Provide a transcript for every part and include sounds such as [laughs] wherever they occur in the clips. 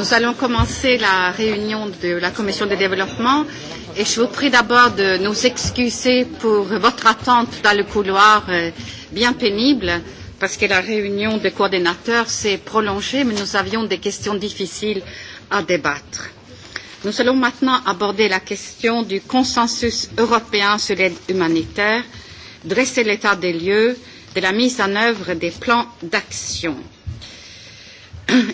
Nous allons commencer la réunion de la Commission de développement et je vous prie d'abord de nous excuser pour votre attente dans le couloir euh, bien pénible parce que la réunion des coordinateurs s'est prolongée mais nous avions des questions difficiles à débattre. Nous allons maintenant aborder la question du consensus européen sur l'aide humanitaire, dresser l'état des lieux de la mise en œuvre des plans d'action.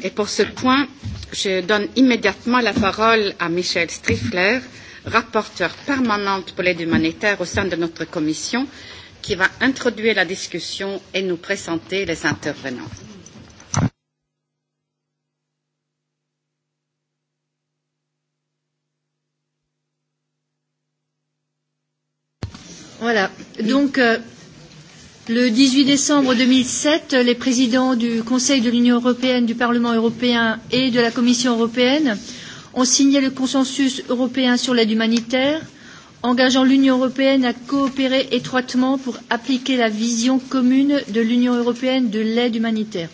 Et pour ce point, Je donne immédiatement la parole à Michel Strifler, rapporteur permanente pour l'aide humanitaire au sein de notre commission, qui va introduire la discussion et nous présenter les intervenants. Voilà. Donc, euh, le 18 décembre 2007, les présidents du Conseil de l'Union européenne, du Parlement européen et de la Commission européenne ont signé le consensus européen sur l'aide humanitaire, engageant l'Union européenne à coopérer étroitement pour appliquer la vision commune de l'Union européenne de l'aide humanitaire.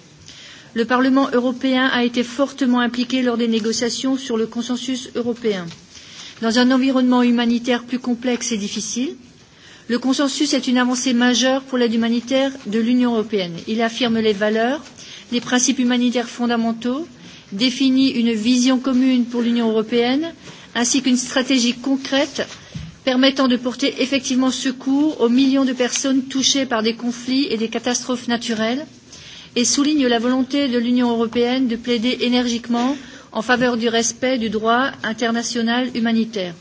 Le Parlement européen a été fortement impliqué lors des négociations sur le consensus européen. Dans un environnement humanitaire plus complexe et difficile, le consensus est une avancée majeure pour l'aide humanitaire de l'Union européenne. Il affirme les valeurs, les principes humanitaires fondamentaux, définit une vision commune pour l'Union européenne, ainsi qu'une stratégie concrète permettant de porter effectivement secours aux millions de personnes touchées par des conflits et des catastrophes naturelles, et souligne la volonté de l'Union européenne de plaider énergiquement en faveur du respect du droit international humanitaire.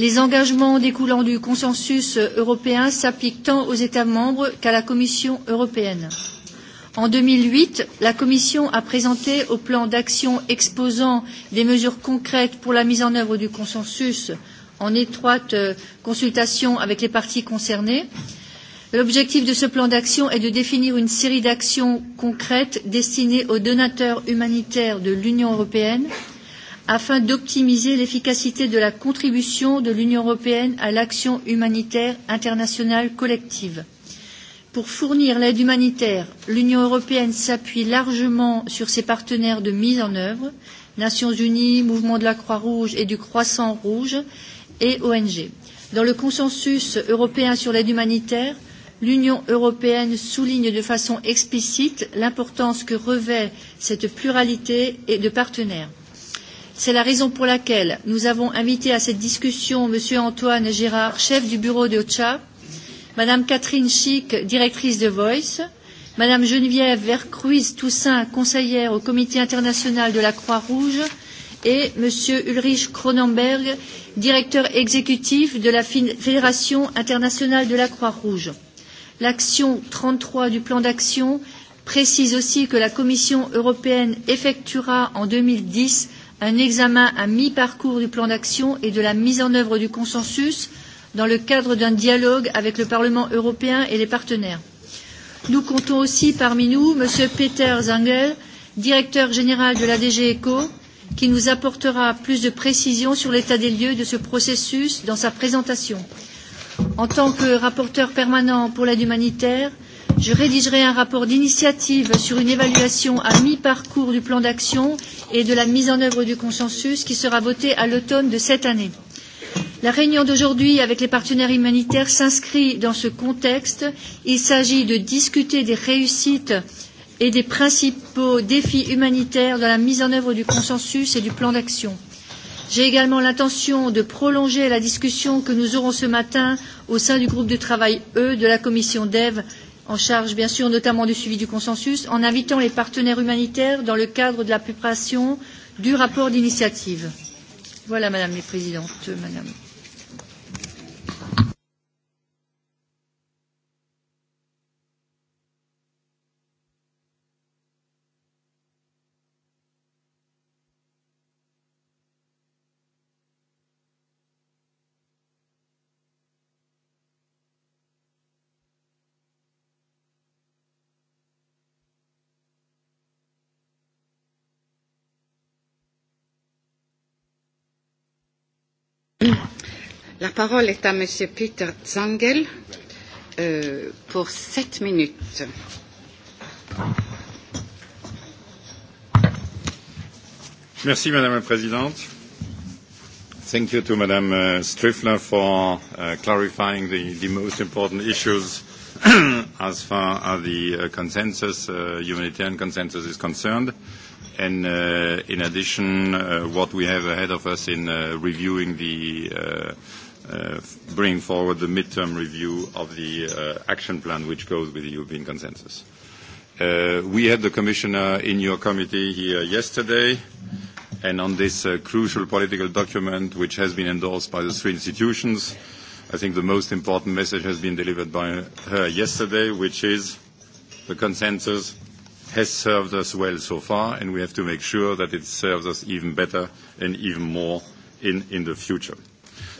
Les engagements découlant du consensus européen s'appliquent tant aux États membres qu'à la Commission européenne. En 2008, la Commission a présenté au plan d'action exposant des mesures concrètes pour la mise en œuvre du consensus en étroite euh, consultation avec les parties concernées. L'objectif de ce plan d'action est de définir une série d'actions concrètes destinées aux donateurs humanitaires de l'Union européenne afin d'optimiser l'efficacité de la contribution de l'Union européenne à l'action humanitaire internationale collective. Pour fournir l'aide humanitaire, l'Union européenne s'appuie largement sur ses partenaires de mise en œuvre, Nations Unies, Mouvement de la Croix-Rouge et du Croissant-Rouge et ONG. Dans le consensus européen sur l'aide humanitaire, l'Union européenne souligne de façon explicite l'importance que revêt cette pluralité de partenaires. C'est la raison pour laquelle nous avons invité à cette discussion M. Antoine Gérard, chef du bureau de OCHA, Mme Catherine Chic, directrice de Voice, Mme Geneviève Vercruiz Toussaint, conseillère au Comité international de la Croix-Rouge, et M. Ulrich Cronenberg, directeur exécutif de la Fédération internationale de la Croix-Rouge. L'action 33 du plan d'action précise aussi que la Commission européenne effectuera en 2010 un examen à mi-parcours du plan d'action et de la mise en œuvre du consensus dans le cadre d'un dialogue avec le Parlement européen et les partenaires. Nous comptons aussi parmi nous M. Peter Zangel, directeur général de la DG ECO, qui nous apportera plus de précisions sur l'état des lieux de ce processus dans sa présentation. En tant que rapporteur permanent pour l'aide humanitaire, Je rédigerai un rapport d'initiative sur une évaluation à mi-parcours du plan d'action et de la mise en œuvre du consensus qui sera voté à l'automne de cette année. La réunion d'aujourd'hui avec les partenaires humanitaires s'inscrit dans ce contexte. Il s'agit de discuter des réussites et des principaux défis humanitaires dans la mise en œuvre du consensus et du plan d'action. J'ai également l'intention de prolonger la discussion que nous aurons ce matin au sein du groupe de travail E de la commission DEV en charge bien sûr notamment du suivi du consensus, en invitant les partenaires humanitaires dans le cadre de la préparation du rapport d'initiative. Voilà, Madame la Présidente, Madame. La parole est à Monsieur Peter Zangel euh, pour sept minutes. Merci Madame la Présidente. Thank you to Madame uh, Striffler for uh, clarifying the, the most important issues [clears throat] as far as the uh, consensus, uh, humanitarian consensus is concerned. Uh, And uh, in addition, uh, what we have ahead of us in uh, reviewing the uh, uh, bring forward the midterm review of the uh, action plan which goes with the European consensus. Uh, we had the commissioner in your committee here yesterday, and on this uh, crucial political document, which has been endorsed by the three institutions, I think the most important message has been delivered by her yesterday, which is the consensus has served us well so far, and we have to make sure that it serves us even better and even more in, in the future.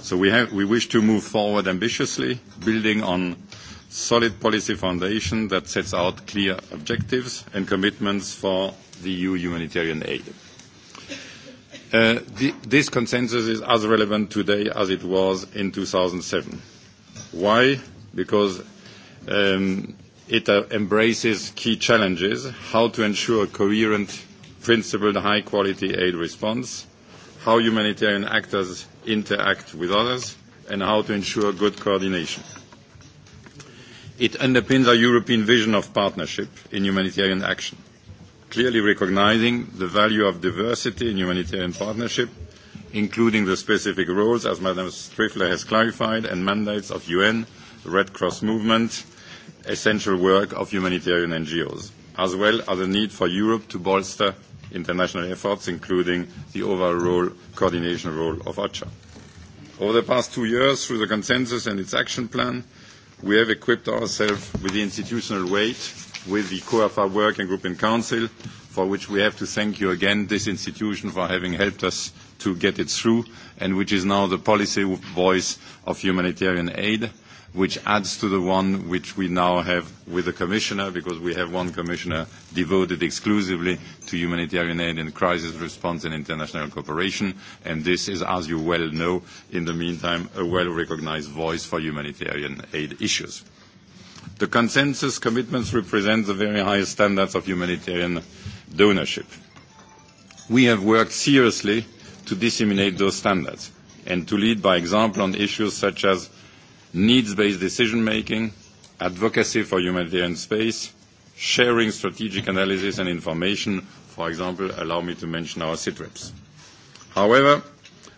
So we, have, we wish to move forward ambitiously, building on solid policy foundation that sets out clear objectives and commitments for the EU humanitarian aid. Uh, th this consensus is as relevant today as it was in 2007. Why? Because um, It uh, embraces key challenges, how to ensure a coherent, principled, high-quality aid response, how humanitarian actors interact with others, and how to ensure good coordination. It underpins our European vision of partnership in humanitarian action, clearly recognizing the value of diversity in humanitarian partnership, including the specific roles, as Madam Striffler has clarified, and mandates of UN, Red Cross movement, essential work of humanitarian NGOs, as well as the need for Europe to bolster international efforts, including the overall coordination role of OCHA. Over the past two years, through the consensus and its action plan, we have equipped ourselves with the institutional weight, with the COAFA Working Group in Council, for which we have to thank you again, this institution, for having helped us to get it through, and which is now the policy voice of humanitarian aid which adds to the one which we now have with the commissioner, because we have one commissioner devoted exclusively to humanitarian aid and crisis response and international cooperation. And this is, as you well know, in the meantime, a well-recognized voice for humanitarian aid issues. The consensus commitments represent the very highest standards of humanitarian donorship. We have worked seriously to disseminate those standards and to lead by example on issues such as needs-based decision-making, advocacy for humanitarian space, sharing strategic analysis and information, for example, allow me to mention our CITREPs. However,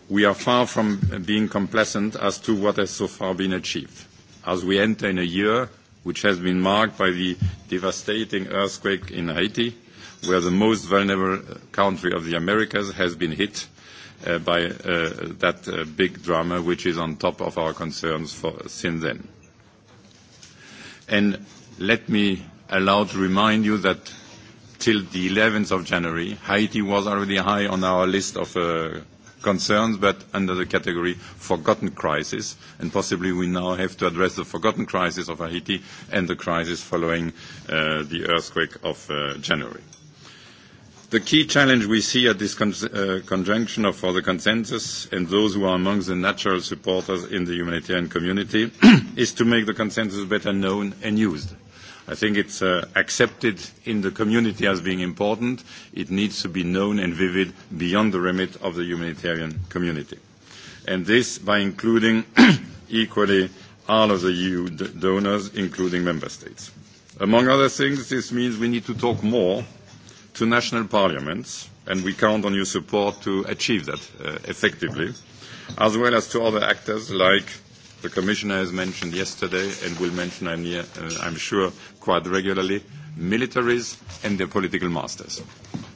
we are far from being complacent as to what has so far been achieved, as we enter in a year which has been marked by the devastating earthquake in Haiti, where the most vulnerable country of the Americas has been hit Uh, by uh, that uh, big drama which is on top of our concerns since then. And let me allow to remind you that till the 11th of January, Haiti was already high on our list of concerns, but under the category forgotten crisis, and possibly we now have to address the forgotten crisis of Haiti and the crisis following the earthquake of January. The key challenge we see at this uh, conjunction of for the consensus and those who are amongst the natural supporters in the humanitarian community [clears throat] is to make the consensus better known and used. I think it's uh, accepted in the community as being important. It needs to be known and vivid beyond the remit of the humanitarian community. And this by including [clears throat] equally all of the EU donors, including member states. Among other things, this means we need to talk more to national parliaments, and we count on your support to achieve that uh, effectively, as well as to other actors like the Commissioner has mentioned yesterday and will mention, I'm, uh, I'm sure, quite regularly, militaries and their political masters.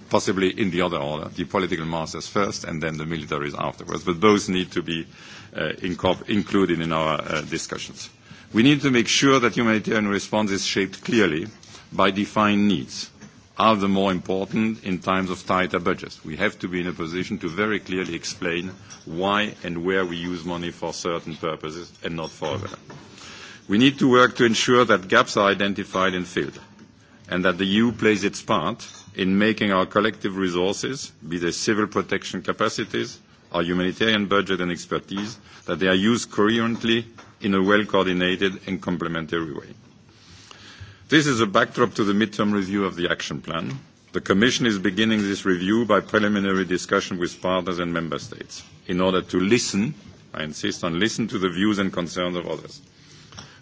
Possibly in the other order, the political masters first and then the militaries afterwards, but both need to be uh, included in our uh, discussions. We need to make sure that humanitarian response is shaped clearly by defined needs are the more important in times of tighter budgets. We have to be in a position to very clearly explain why and where we use money for certain purposes and not for other. We need to work to ensure that gaps are identified and filled, and that the EU plays its part in making our collective resources, be they civil protection capacities, our humanitarian budget and expertise, that they are used coherently in a well-coordinated and complementary way. This is a backdrop to the midterm review of the action plan. The Commission is beginning this review by preliminary discussion with partners and member states in order to listen, I insist on listen to the views and concerns of others.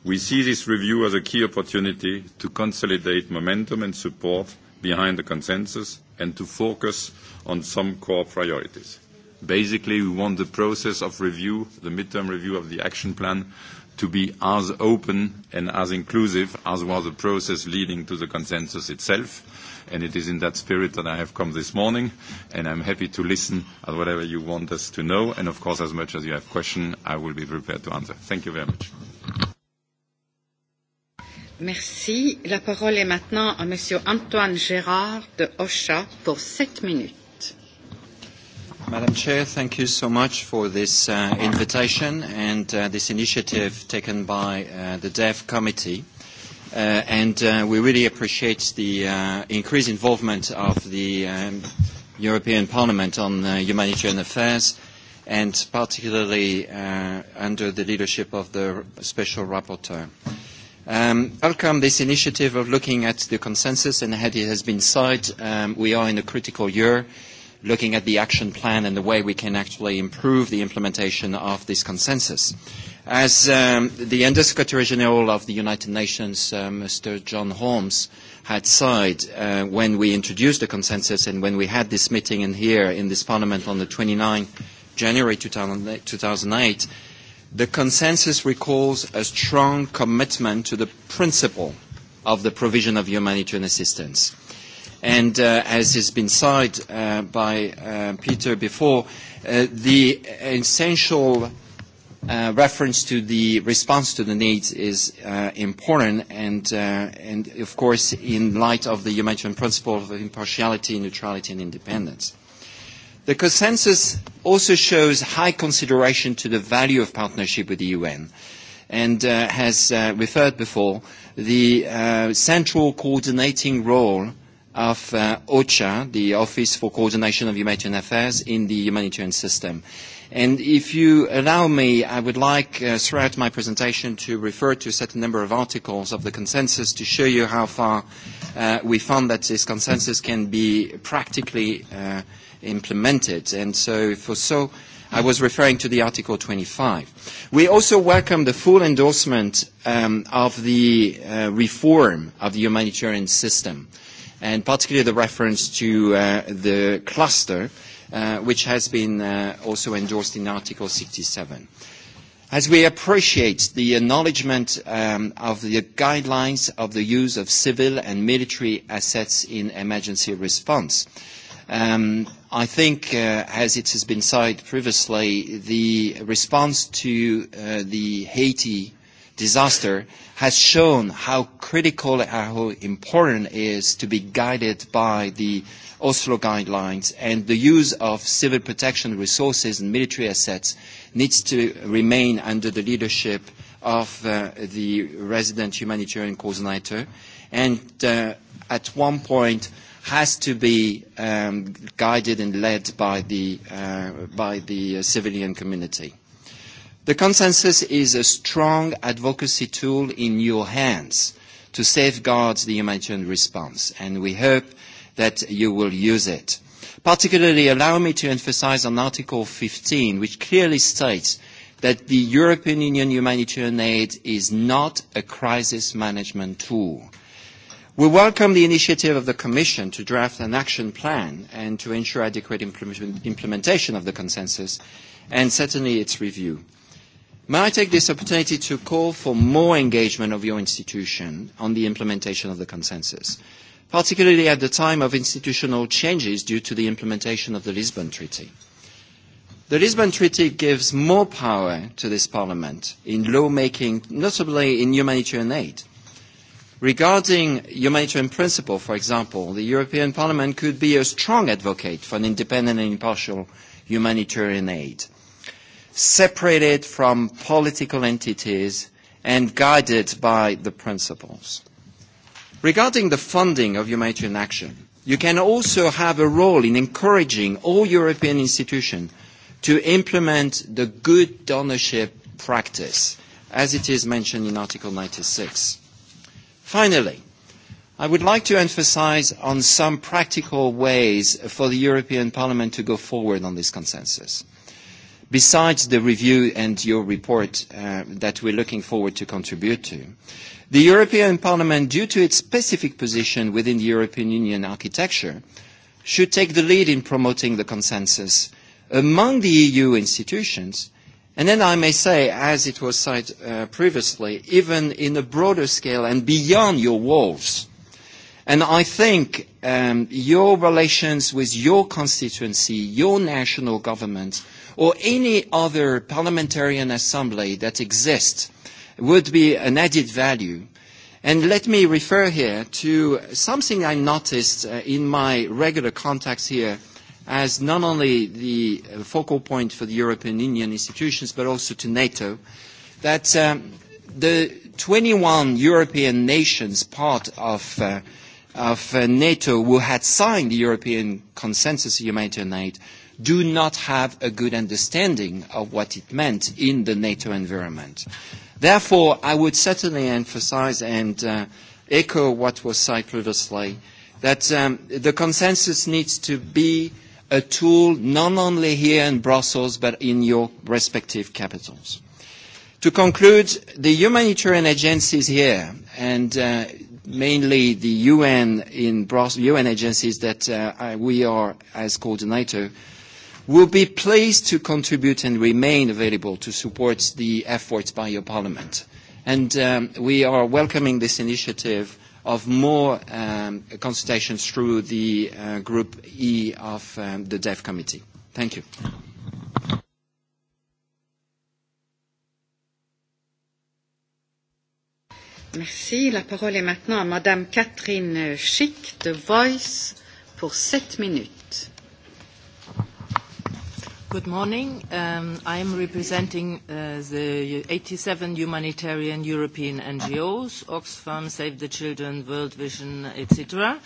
We see this review as a key opportunity to consolidate momentum and support behind the consensus and to focus on some core priorities. Basically, we want the process of review, the midterm review of the action plan, to be as open and as inclusive as was the process leading to the consensus itself. And it is in that spirit that I have come this morning, and I'm happy to listen at whatever you want us to know. And of course, as much as you have questions, I will be prepared to answer. Thank you very much. Merci. La parole est maintenant à Monsieur Antoine Gérard de OSHA pour sept minutes. Madam Chair, thank you so much for this uh, invitation and uh, this initiative taken by uh, the DEF committee. Uh, and uh, we really appreciate the uh, increased involvement of the um, European Parliament on uh, humanitarian affairs and particularly uh, under the leadership of the Special Rapporteur. Um, welcome this initiative of looking at the consensus and how it has been signed. um, we are in a critical year looking at the action plan and the way we can actually improve the implementation of this consensus. As um, the Undersecretary General of the United Nations, uh, Mr. John Holmes, had said uh, when we introduced the consensus and when we had this meeting in here in this Parliament on the 29th January 2008, 2008 the consensus recalls a strong commitment to the principle of the provision of humanitarian assistance And uh, as has been said uh, by uh, Peter before, uh, the essential uh, reference to the response to the needs is uh, important, and, uh, and of course, in light of the humanitarian principle of impartiality, neutrality, and independence. The consensus also shows high consideration to the value of partnership with the UN and uh, has uh, referred before the uh, central coordinating role uh, of uh, OCHA, the Office for Coordination of Humanitarian Affairs in the humanitarian system. And if you allow me, I would like uh, throughout my presentation to refer to a certain number of articles of the consensus to show you how far uh, we found that this consensus can be practically uh, implemented. And so for so, I was referring to the Article 25. We also welcome the full endorsement um, of the uh, reform of the humanitarian system. Uh, and particularly the reference to uh, the cluster, uh, which has been uh, also endorsed in Article 67. As we appreciate the acknowledgement um, of the guidelines of the use of civil and military assets in emergency response, um, I think, uh, as it has been said previously, the response to uh, the Haiti disaster has shown how critical and how important it is to be guided by the Oslo guidelines and the use of civil protection resources and military assets needs to remain under the leadership of uh, the resident humanitarian coordinator and uh, at one point has to be um, guided and led by the, uh, by the civilian community. The consensus is a strong advocacy tool in your hands to safeguard the humanitarian response, and we hope that you will use it. Particularly, allow me to emphasize on Article 15, which clearly states that the European Union humanitarian aid is not a crisis management tool. We welcome the initiative of the Commission to draft an action plan and to ensure adequate implement implementation of the consensus, and certainly its review. May I take this opportunity to call for more engagement of your institution on the implementation of the consensus, particularly at the time of institutional changes due to the implementation of the Lisbon Treaty. The Lisbon Treaty gives more power to this Parliament in lawmaking, notably in humanitarian aid. Regarding humanitarian principle, for example, the European Parliament could be a strong advocate for an independent and impartial humanitarian aid separated from political entities and guided by the principles. Regarding the funding of humanitarian action, you can also have a role in encouraging all European institutions to implement the good donorship practice, as it is mentioned in Article 96. Finally, I would like to emphasize on some practical ways for the European Parliament to go forward on this consensus besides the review and your report uh, that we're looking forward to contribute to. The European Parliament, due to its specific position within the European Union architecture, should take the lead in promoting the consensus among the EU institutions, and then I may say, as it was said uh, previously, even in a broader scale and beyond your walls. And I think um, your relations with your constituency, your national government, or any other parliamentarian assembly that exists would be an added value. And let me refer here to something I noticed uh, in my regular contacts here as not only the uh, focal point for the European Union institutions, but also to NATO, that um, the 21 European nations part of, uh, of uh, NATO who had signed the European Consensus Humanitarian Aid do not have a good understanding of what it meant in the NATO environment. Therefore, I would certainly emphasize and uh, echo what was said previously, that um, the consensus needs to be a tool not only here in Brussels, but in your respective capitals. To conclude, the humanitarian agencies here, and uh, mainly the UN in Brussels, UN agencies that uh, we are as coordinator, will be pleased to contribute and remain available to support the efforts by your parliament. And um, we are welcoming this initiative of more um, consultations through the uh, Group E of um, the DEF Committee. Thank you. Merci. La parole est maintenant à Madame Catherine Schick de Voice pour 7 minutes. Good morning. Um, am representing uh, the 87 humanitarian European NGOs, Oxfam, Save the Children, World Vision, etc.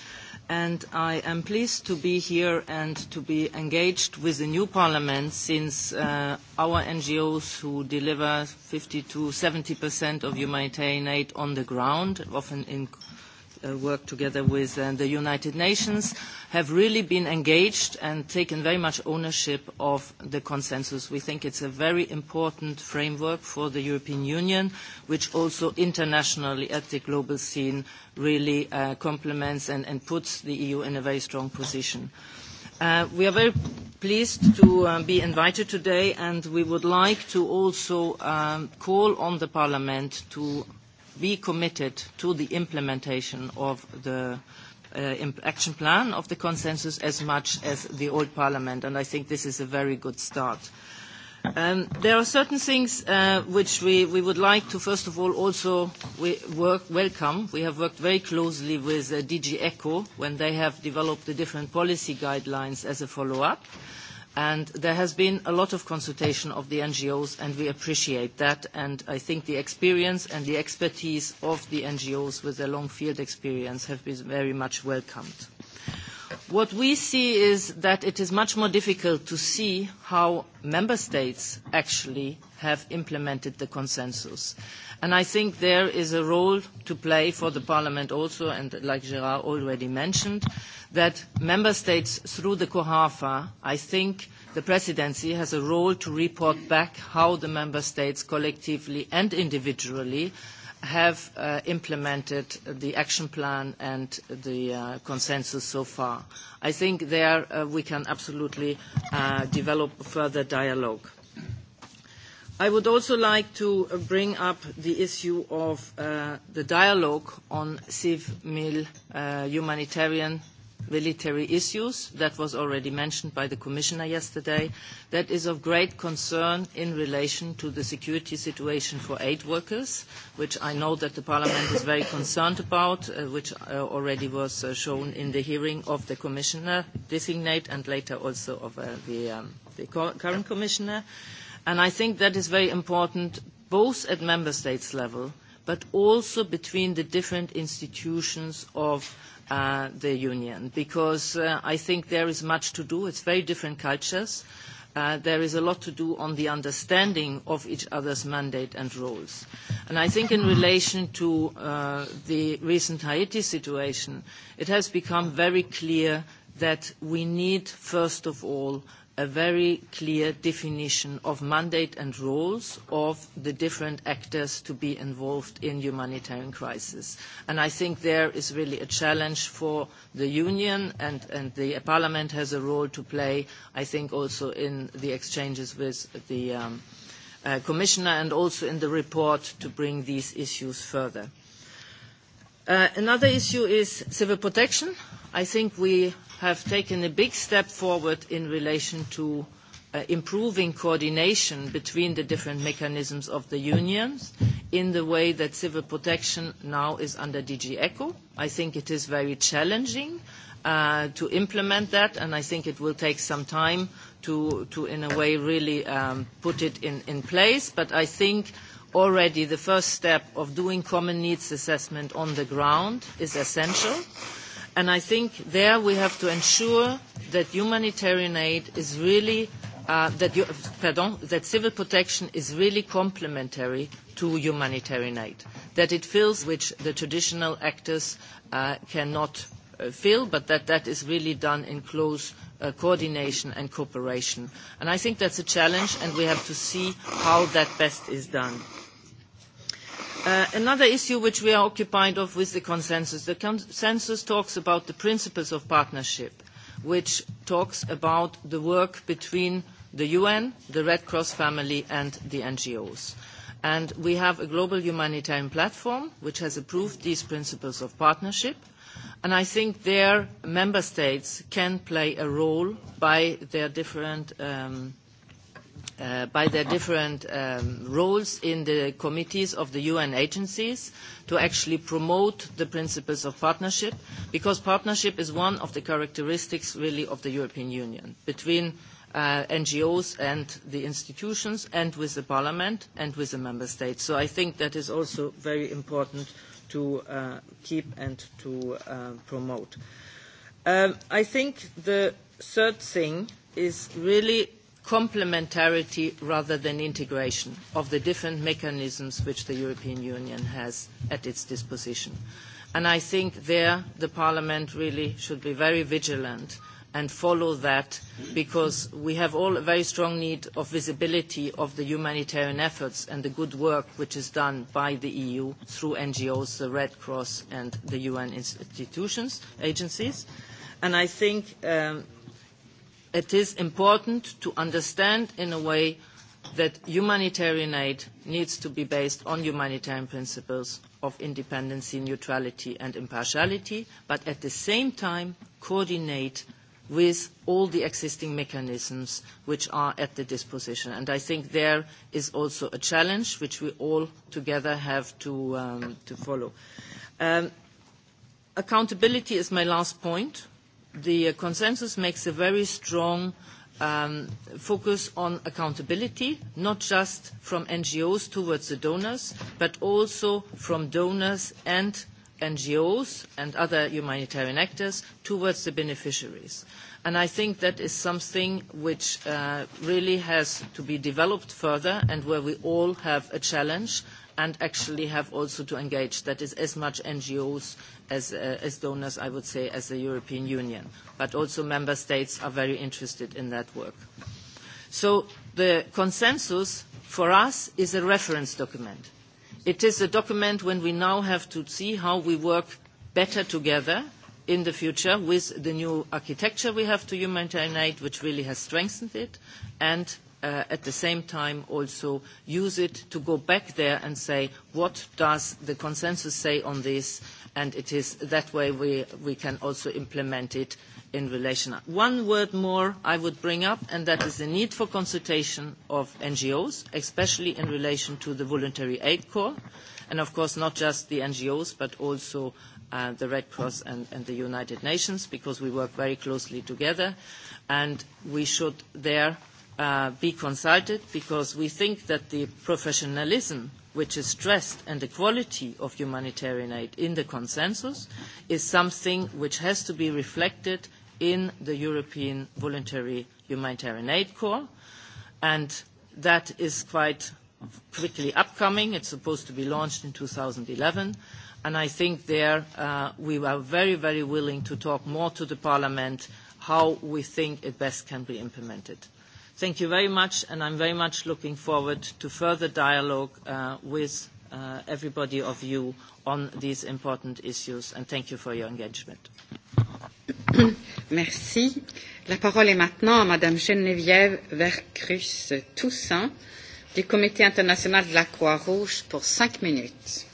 And I am pleased to be here and to be engaged with the new parliament since uh, our NGOs who deliver 50 to 70% of humanitarian aid on the ground, often in Uh, work together with uh, the United Nations, have really been engaged and taken very much ownership of the consensus. We think it's a very important framework for the European Union, which also internationally at the global scene really uh, complements and, and puts the EU in a very strong position. Uh, we are very pleased to uh, be invited today, and we would like to also um, call on the Parliament to be committed to the implementation of the Uh, action plan of the consensus as much as the old parliament, and I think this is a very good start. Um, there are certain things uh, which we, we would like to, first of all, also we work, welcome. We have worked very closely with uh, DG ECHO when they have developed the different policy guidelines as a follow-up. Uh, And there has been a lot of consultation of the NGOs, and we appreciate that. And I think the experience and the expertise of the NGOs with their long field experience have been very much welcomed. What we see is that it is much more difficult to see how member states actually have implemented the consensus. And I think there is a role to play for the Parliament also, and like Gerard already mentioned, that member states through the COHAFA, I think the presidency has a role to report back how the member states collectively and individually have uh, implemented the action plan and the uh, consensus so far. I think there uh, we can absolutely uh, develop further dialogue. I would also like to bring up the issue of uh, the dialogue on civil uh, humanitarian military issues that was already mentioned by the commissioner yesterday that is of great concern in relation to the security situation for aid workers which i know that the parliament is very concerned about uh, which uh, already was uh, shown in the hearing of the commissioner designate and later also of uh, the, um, the current commissioner and i think that is very important both at member states level but also between the different institutions of uh, the union because uh, I think there is much to do. It's very different cultures. Uh, there is a lot to do on the understanding of each other's mandate and roles. And I think in relation to uh, the recent Haiti situation, it has become very clear that we need, first of all, a very clear definition of mandate and roles of the different actors to be involved in humanitarian crisis. And I think there is really a challenge for the Union, and, and the Parliament has a role to play, I think also in the exchanges with the um, uh, Commissioner and also in the report to bring these issues further. Uh, another issue is civil protection. I think we have taken a big step forward in relation to uh, improving coordination between the different mechanisms of the unions in the way that civil protection now is under DG ECHO. I think it is very challenging uh, to implement that, and I think it will take some time to, to in a way, really um, put it in, in place. But I think already the first step of doing common needs assessment on the ground is essential. And I think there we have to ensure that humanitarian aid is really, uh, that, you, pardon, that civil protection is really complementary to humanitarian aid, that it fills which the traditional actors uh, cannot uh, fill, but that that is really done in close uh, coordination and cooperation. And I think that's a challenge, and we have to see how that best is done. Uh, another issue which we are occupied of with the consensus. The consensus talks about the principles of partnership, which talks about the work between the UN, the Red Cross family and the NGOs. And we have a global humanitarian platform which has approved these principles of partnership. And I think their member states can play a role by their different um, uh, by their different um, roles in the committees of the UN agencies to actually promote the principles of partnership, because partnership is one of the characteristics really of the European Union between uh, NGOs and the institutions and with the parliament and with the member states. So I think that is also very important to uh, keep and to uh, promote. Um, I think the third thing is really complementarity rather than integration of the different mechanisms which the European Union has at its disposition. And I think there the Parliament really should be very vigilant and follow that because we have all a very strong need of visibility of the humanitarian efforts and the good work which is done by the EU through NGOs, the Red Cross and the UN institutions, agencies. And I think um, it is important to understand in a way that humanitarian aid needs to be based on humanitarian principles of independence, neutrality and impartiality, but at the same time coordinate with all the existing mechanisms which are at the disposition. And I think there is also a challenge which we all together have to, um, to follow. Um, accountability is my last point the uh, consensus makes a very strong um, focus on accountability, not just from NGOs towards the donors, but also from donors and NGOs and other humanitarian actors towards the beneficiaries. And I think that is something which uh, really has to be developed further and where we all have a challenge and actually have also to engage. That is as much NGOs as, uh, as donors, I would say, as the European Union. But also member states are very interested in that work. So the consensus for us is a reference document. It is a document when we now have to see how we work better together in the future with the new architecture we have to humanitarian aid, which really has strengthened it, and uh, at the same time also use it to go back there and say what does the consensus say on this and it is that way we, we can also implement it in relation. One word more I would bring up and that is the need for consultation of NGOs, especially in relation to the voluntary aid corps and of course not just the NGOs but also uh, the Red Cross and, and the United Nations because we work very closely together and we should there Uh, be consulted because we think that the professionalism which is stressed and the quality of humanitarian aid in the consensus is something which has to be reflected in the European Voluntary Humanitarian Aid Corps. And that is quite quickly upcoming. It's supposed to be launched in 2011. And I think there uh, we are very, very willing to talk more to the Parliament how we think it best can be implemented. Thank you very much, and I'm very much looking forward to further dialogue uh, with uh, everybody of you on these important issues, and thank you for your engagement. [coughs] Merci. La parole est maintenant à Madame Geneviève Vercruz-Toussaint du Comité international de la Croix-Rouge pour cinq minutes.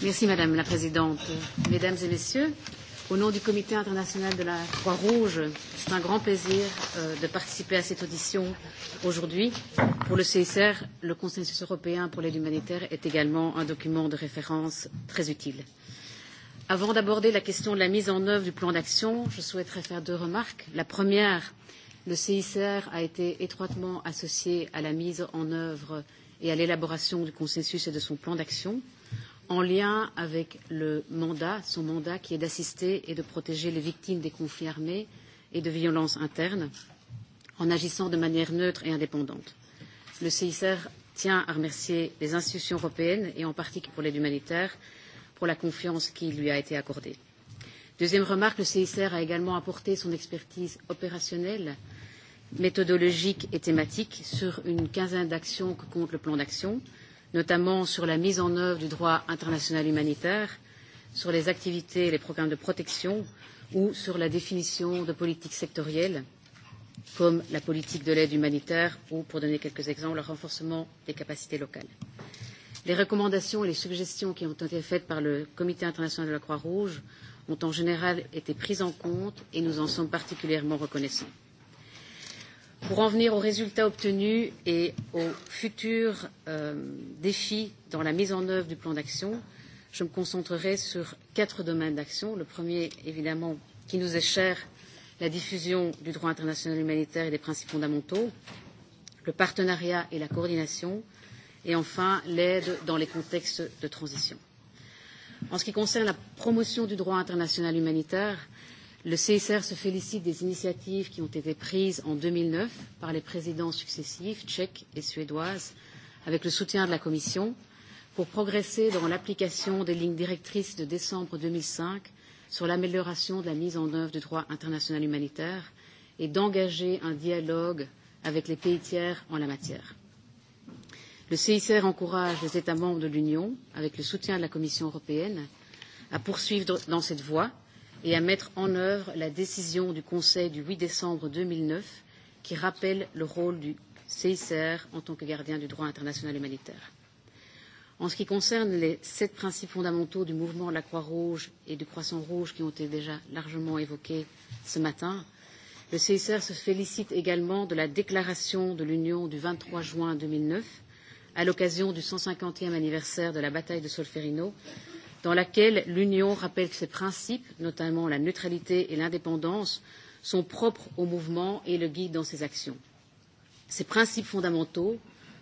Merci Madame la Présidente. Mesdames et Messieurs, Au nom du Comité international de la Croix-Rouge, c'est un grand plaisir euh, de participer à cette audition aujourd'hui. Pour le CSR, le Consensus européen pour l'aide humanitaire est également un document de référence très utile. Avant d'aborder la question de la mise en œuvre du plan d'action, je souhaiterais faire deux remarques. La première, le CICR a été étroitement associé à la mise en œuvre et à l'élaboration du consensus et de son plan d'action en lien avec le mandat, son mandat qui est d'assister et de protéger les victimes des conflits armés et de violences internes en agissant de manière neutre et indépendante. Le CICR tient à remercier les institutions européennes et en particulier pour l'aide humanitaire pour la confiance qui lui a été accordée. Deuxième remarque, le CICR a également apporté son expertise opérationnelle, méthodologique et thématique sur une quinzaine d'actions que compte le plan d'action notamment sur la mise en œuvre du droit international humanitaire, sur les activités et les programmes de protection ou sur la définition de politiques sectorielles comme la politique de l'aide humanitaire ou, pour donner quelques exemples, le renforcement des capacités locales. Les recommandations et les suggestions qui ont été faites par le Comité international de la Croix-Rouge ont en général été prises en compte et nous en sommes particulièrement reconnaissants pour en venir aux résultats obtenus et aux futurs euh, défis dans la mise en œuvre du plan d'action, je me concentrerai sur quatre domaines d'action. Le premier, évidemment, qui nous est cher, la diffusion du droit international humanitaire et des principes fondamentaux, le partenariat et la coordination, et enfin l'aide dans les contextes de transition. En ce qui concerne la promotion du droit international humanitaire, le CSR se félicite des initiatives qui ont été prises en 2009 par les présidents successifs tchèques et suédoises, avec le soutien de la Commission, pour progresser dans l'application des lignes directrices de décembre 2005 sur l'amélioration de la mise en œuvre du droit international humanitaire et d'engager un dialogue avec les pays tiers en la matière. Le CICR encourage les États membres de l'Union, avec le soutien de la Commission européenne, à poursuivre dans cette voie et à mettre en œuvre la décision du Conseil du 8 décembre 2009 qui rappelle le rôle du CICR en tant que gardien du droit international humanitaire. En ce qui concerne les sept principes fondamentaux du mouvement de la Croix-Rouge et du Croissant-Rouge qui ont été déjà largement évoqués ce matin, le CICR se félicite également de la déclaration de l'Union du 23 juin 2009 à l'occasion du 150e anniversaire de la bataille de Solferino dans laquelle l'Union rappelle que ses principes, notamment la neutralité et l'indépendance, sont propres au mouvement et le guident dans ses actions. Ces principes fondamentaux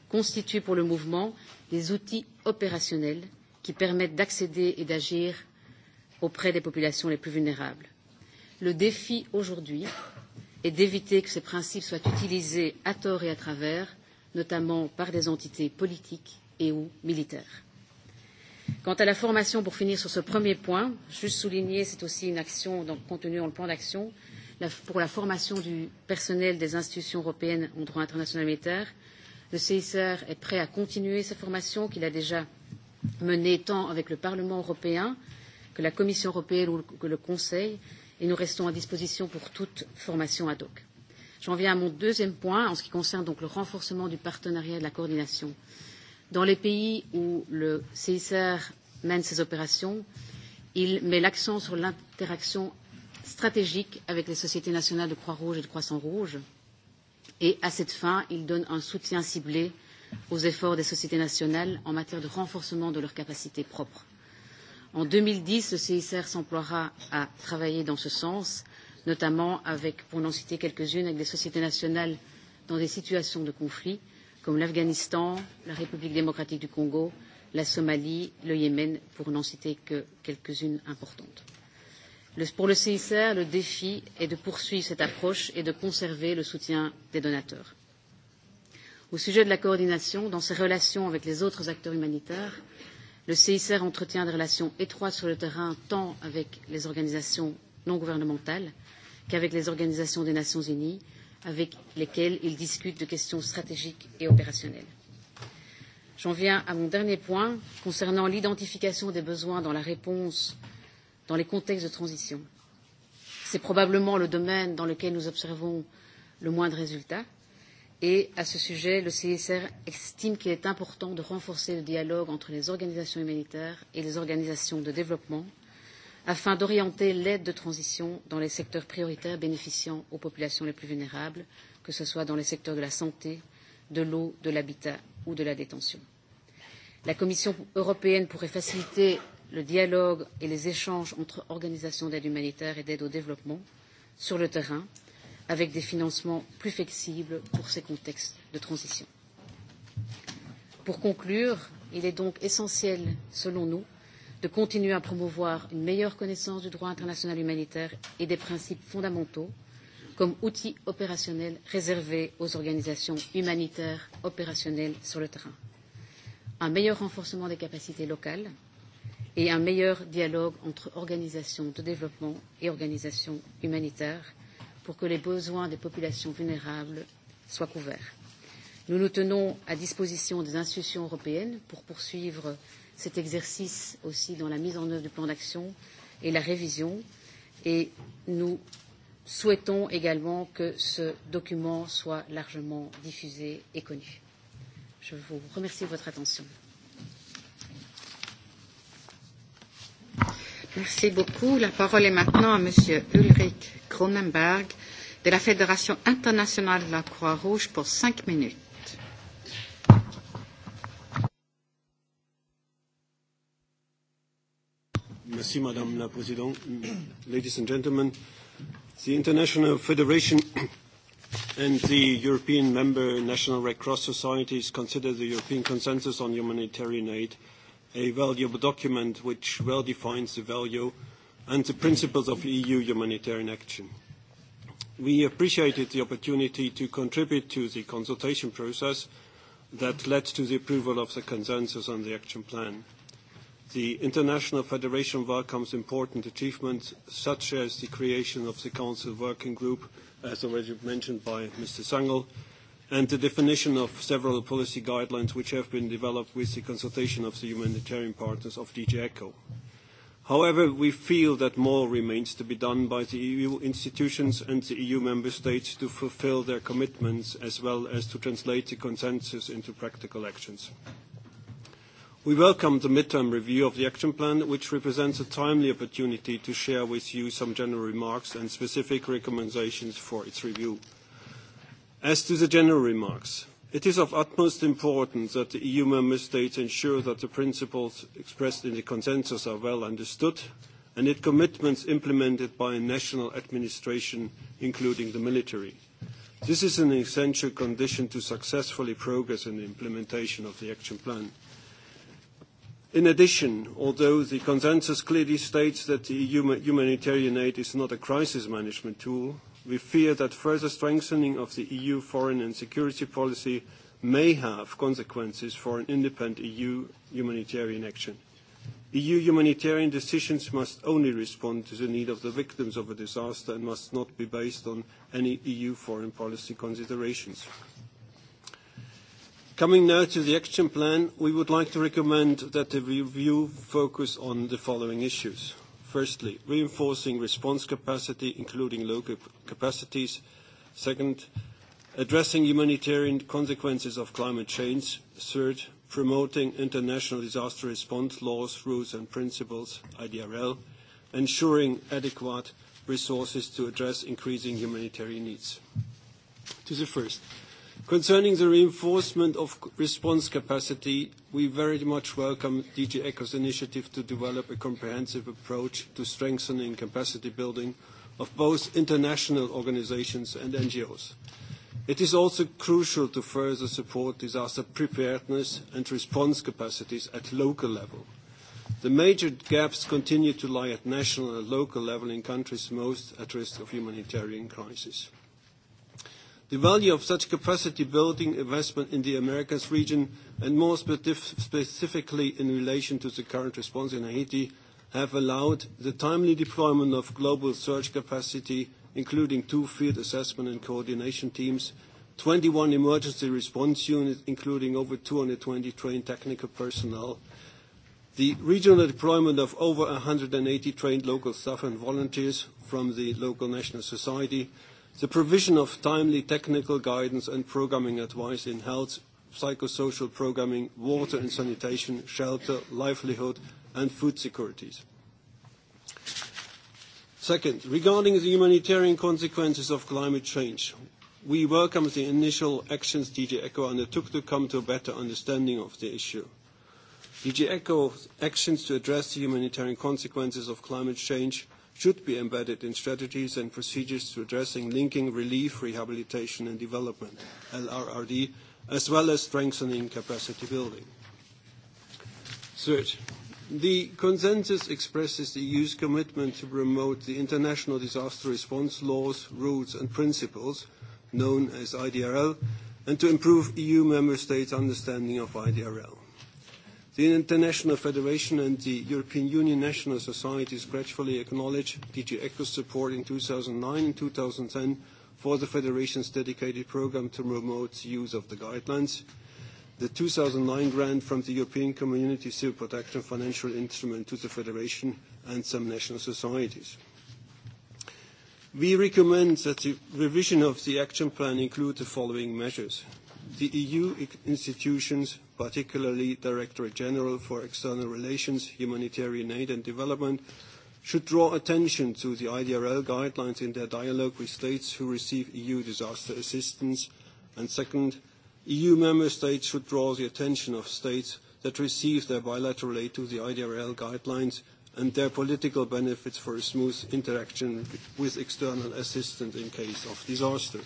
constituent pour le mouvement des outils opérationnels qui permettent d'accéder et d'agir auprès des populations les plus vulnérables. Le défi aujourd'hui est d'éviter que ces principes soient utilisés à tort et à travers, notamment par des entités politiques et ou militaires. Quant à la formation, pour finir sur ce premier point, juste souligner, c'est aussi une action donc, contenue dans le plan d'action pour la formation du personnel des institutions européennes en droit international militaire. Le CICR est prêt à continuer sa formation qu'il a déjà menée tant avec le Parlement européen que la Commission européenne ou que le Conseil, et nous restons à disposition pour toute formation ad hoc. J'en viens à mon deuxième point en ce qui concerne donc le renforcement du partenariat et de la coordination. Dans les pays où le CICR mène ses opérations, il met l'accent sur l'interaction stratégique avec les sociétés nationales de Croix-Rouge et de Croissant-Rouge. Et à cette fin, il donne un soutien ciblé aux efforts des sociétés nationales en matière de renforcement de leurs capacités propres. En 2010, le CICR s'emploiera à travailler dans ce sens, notamment avec, pour n'en citer quelques-unes, avec des sociétés nationales dans des situations de conflit, comme l'Afghanistan, la République démocratique du Congo, la Somalie, le Yémen, pour n'en citer que quelques-unes importantes. Le, pour le CICR, le défi est de poursuivre cette approche et de conserver le soutien des donateurs. Au sujet de la coordination, dans ses relations avec les autres acteurs humanitaires, le CICR entretient des relations étroites sur le terrain tant avec les organisations non gouvernementales qu'avec les organisations des Nations Unies avec lesquels ils discutent de questions stratégiques et opérationnelles. J'en viens à mon dernier point concernant l'identification des besoins dans la réponse dans les contextes de transition. C'est probablement le domaine dans lequel nous observons le moins de résultats. Et à ce sujet, le CSR estime qu'il est important de renforcer le dialogue entre les organisations humanitaires et les organisations de développement afin d'orienter l'aide de transition dans les secteurs prioritaires bénéficiant aux populations les plus vulnérables, que ce soit dans les secteurs de la santé, de l'eau, de l'habitat ou de la détention. La Commission européenne pourrait faciliter le dialogue et les échanges entre organisations d'aide humanitaire et d'aide au développement sur le terrain, avec des financements plus flexibles pour ces contextes de transition. Pour conclure, il est donc essentiel, selon nous, de continuer à promouvoir une meilleure connaissance du droit international humanitaire et des principes fondamentaux comme outil opérationnel réservé aux organisations humanitaires opérationnelles sur le terrain, un meilleur renforcement des capacités locales et un meilleur dialogue entre organisations de développement et organisations humanitaires pour que les besoins des populations vulnérables soient couverts. Nous nous tenons à disposition des institutions européennes pour poursuivre cet exercice aussi dans la mise en œuvre du plan d'action et la révision. Et nous souhaitons également que ce document soit largement diffusé et connu. Je vous remercie de votre attention. Merci beaucoup. La parole est maintenant à Monsieur Ulrich Cronenberg de la Fédération internationale de la Croix-Rouge pour cinq minutes. Merci, Madame la Présidente. Ladies and gentlemen, the International Federation and the European member National Red Cross Societies consider the European Consensus on Humanitarian Aid a valuable document which well defines the value and the principles of EU humanitarian action. We appreciated the opportunity to contribute to the consultation process that led to the approval of the consensus on the action plan. The International Federation welcomes important achievements such as the creation of the Council Working Group, as already mentioned by Mr. Sangel, and the definition of several policy guidelines which have been developed with the consultation of the humanitarian partners of DG ECHO. However, we feel that more remains to be done by the EU institutions and the EU member states to fulfill their commitments as well as to translate the consensus into practical actions. We welcome the midterm review of the action plan, which represents a timely opportunity to share with you some general remarks and specific recommendations for its review. As to the general remarks, it is of utmost importance that the EU member states ensure that the principles expressed in the consensus are well understood and its commitments implemented by national administration, including the military. This is an essential condition to successfully progress in the implementation of the action plan. In addition, although the consensus clearly states that the EU humanitarian aid is not a crisis management tool, we fear that further strengthening of the EU foreign and security policy may have consequences for an independent EU humanitarian action. EU humanitarian decisions must only respond to the need of the victims of a disaster and must not be based on any EU foreign policy considerations. Coming now to the action plan, we would like to recommend that the review focus on the following issues. Firstly, reinforcing response capacity, including local capacities. Second, addressing humanitarian consequences of climate change. Third, promoting international disaster response laws, rules, and principles, IDRL, ensuring adequate resources to address increasing humanitarian needs. To the first, Concerning the reinforcement of response capacity, we very much welcome DG ECO's initiative to develop a comprehensive approach to strengthening capacity building of both international organizations and NGOs. It is also crucial to further support disaster preparedness and response capacities at local level. The major gaps continue to lie at national and local level in countries most at risk of humanitarian crisis. The value of such capacity building investment in the Americas region, and more specifically in relation to the current response in Haiti, have allowed the timely deployment of global search capacity, including two field assessment and coordination teams, 21 emergency response units, including over 220 trained technical personnel, the regional deployment of over 180 trained local staff and volunteers from the local national society, The provision of timely technical guidance and programming advice in health, psychosocial programming, water and sanitation, shelter, livelihood, and food securities. Second, regarding the humanitarian consequences of climate change, we welcome the initial actions DG ECHO undertook to come to a better understanding of the issue. DG ECHO's actions to address the humanitarian consequences of climate change should be embedded in strategies and procedures to addressing linking relief, rehabilitation and development, LRRD, as well as strengthening capacity building. Third, the consensus expresses the EU's commitment to promote the international disaster response laws, rules and principles, known as IDRL, and to improve EU member states' understanding of IDRL. The International Federation and the European Union national societies gradually acknowledge DG ECO's support in 2009 and 2010 for the Federation's dedicated program to promote use of the guidelines. The 2009 grant from the European Community Civil Protection Financial Instrument to the Federation and some national societies. We recommend that the revision of the action plan include the following measures. The EU institutions particularly Directorate General for External Relations, Humanitarian Aid and Development, should draw attention to the IDRL guidelines in their dialogue with states who receive EU disaster assistance. And second, EU member states should draw the attention of states that receive their bilateral aid to the IDRL guidelines and their political benefits for a smooth interaction with external assistance in case of disaster.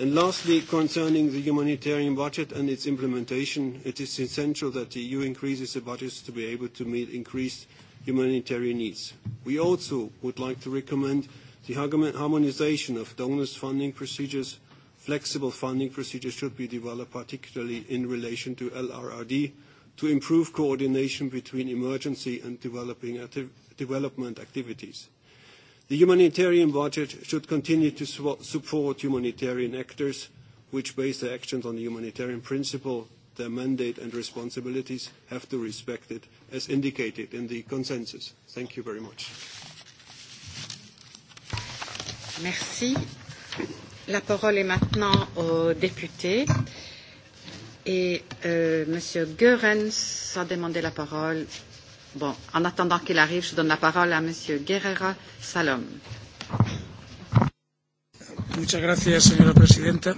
And lastly, concerning the humanitarian budget and its implementation, it is essential that the EU increases the budgets to be able to meet increased humanitarian needs. We also would like to recommend the harmonization of donors' funding procedures. Flexible funding procedures should be developed, particularly in relation to LRRD, to improve coordination between emergency and developing acti development activities. The humanitarian budget should continue to support humanitarian actors which base their actions on the humanitarian principle. Their mandate and responsibilities have to respect it as indicated in the consensus. Thank you very much. Merci. La parole est maintenant au député Et euh, Monsieur Goerens a demandé la parole Bon, en attendant qu'il arrive, je donne la parole à Monsieur Guerrero Salom. Muchas gracias, señora presidenta.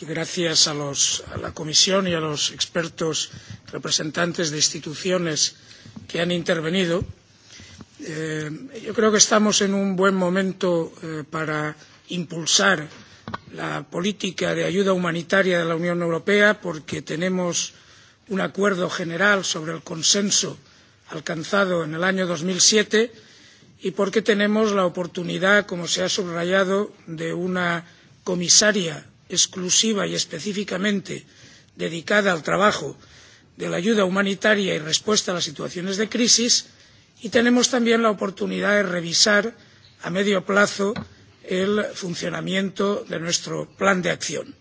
Y gracias a, los, a la Comisión y a los expertos representantes de instituciones que han intervenido. Eh, yo creo que estamos en un buen momento eh, para impulsar la política de ayuda humanitaria de la Unión Europea porque tenemos un acuerdo general sobre el consenso alcanzado en el año dos mil siete y porque tenemos la oportunidad como se ha subrayado de una comisaria exclusiva y específicamente dedicada al trabajo de la ayuda humanitaria y respuesta a las situaciones de crisis y tenemos también la oportunidad de revisar a medio plazo el funcionamiento de nuestro plan de acción.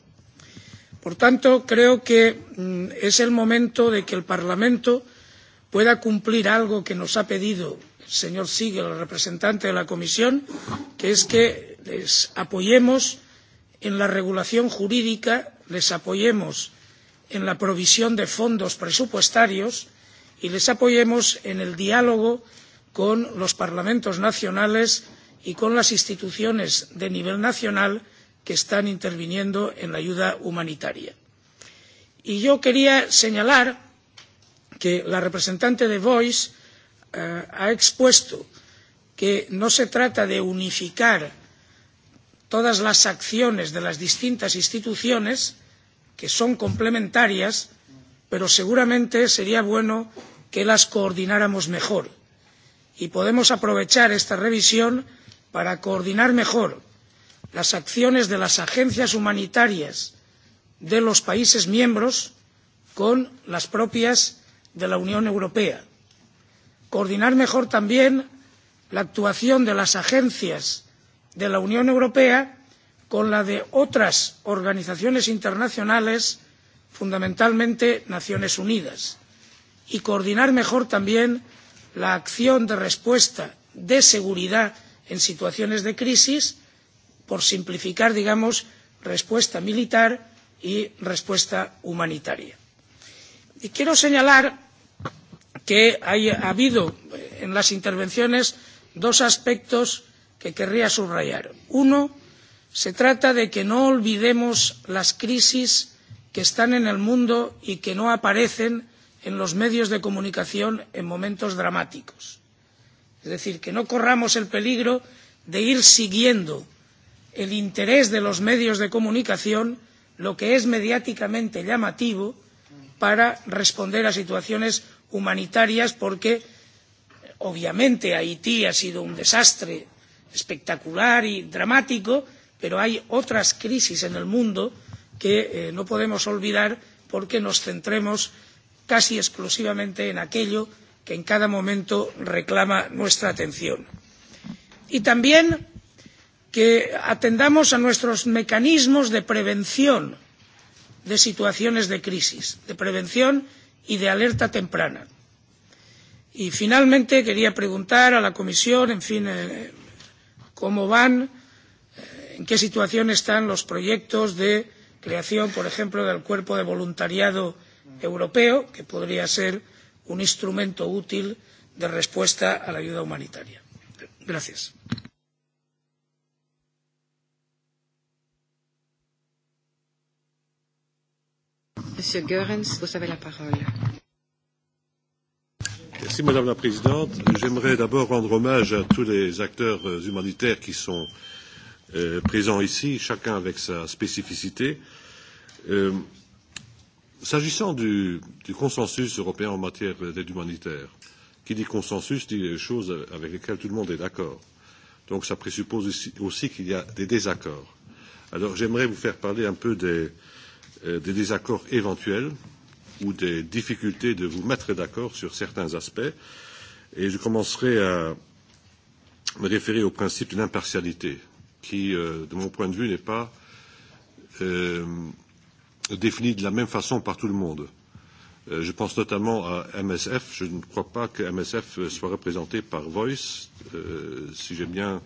por tanto creo que mm, es el momento de que el parlamento pueda cumplir algo que nos ha pedido el señor Siegel, el representante de la Comisión, que es que les apoyemos en la regulación jurídica, les apoyemos en la provisión de fondos presupuestarios y les apoyemos en el diálogo con los parlamentos nacionales y con las instituciones de nivel nacional que están interviniendo en la ayuda humanitaria. Y yo quería señalar que la representante de Voice eh, ha expuesto que no se trata de unificar todas las acciones de las distintas instituciones, que son complementarias, pero seguramente sería bueno que las coordináramos mejor. Y podemos aprovechar esta revisión para coordinar mejor las acciones de las agencias humanitarias de los países miembros con las propias de la unión europea coordinar mejor también la actuación de las agencias de la unión europea con la de otras organizaciones internacionales fundamentalmente las naciones unidas y coordinar mejor también la acción de respuesta de seguridad en situaciones de crisis por simplificar digamos respuesta militar y respuesta humanitaria. y quiero señalar que ha habido en las intervenciones dos aspectos que querría subrayar. Uno, se trata de que no olvidemos las crisis que están en el mundo y que no aparecen en los medios de comunicación en momentos dramáticos. Es decir, que no corramos el peligro de ir siguiendo el interés de los medios de comunicación, lo que es mediáticamente llamativo, para responder a situaciones humanitarias porque obviamente haití ha sido un desastre espectacular y dramático pero hay otras crisis en el mundo que eh, no podemos olvidar porque nos centremos casi exclusivamente en aquello que en cada momento reclama nuestra atención. y también que atendamos a nuestros mecanismos de prevención de situaciones de crisis de prevención y y de alerta temprana. Y finalmente quería preguntar a la Comisión, en fin, eh, cómo van, eh, en qué situación están los proyectos de creación, por ejemplo, del cuerpo de voluntariado europeo, que podría ser un instrumento útil de respuesta a la ayuda humanitaria. Gracias. Monsieur Goerens, vous avez la parole. Merci Madame la Présidente. J'aimerais d'abord rendre hommage à tous les acteurs euh, humanitaires qui sont euh, présents ici, chacun avec sa spécificité. Euh, S'agissant du, du consensus européen en matière d'aide humanitaire, qui dit consensus dit des choses avec lesquelles tout le monde est d'accord. Donc ça présuppose aussi, aussi qu'il y a des désaccords. Alors j'aimerais vous faire parler un peu des, Euh, des désaccords éventuels ou des difficultés de vous mettre d'accord sur certains aspects. Et je commencerai à me référer au principe de l'impartialité, qui, euh, de mon point de vue, n'est pas euh, défini de la même façon par tout le monde. Euh, je pense notamment à MSF. Je ne crois pas que MSF soit représenté par Voice, euh, si j'ai bien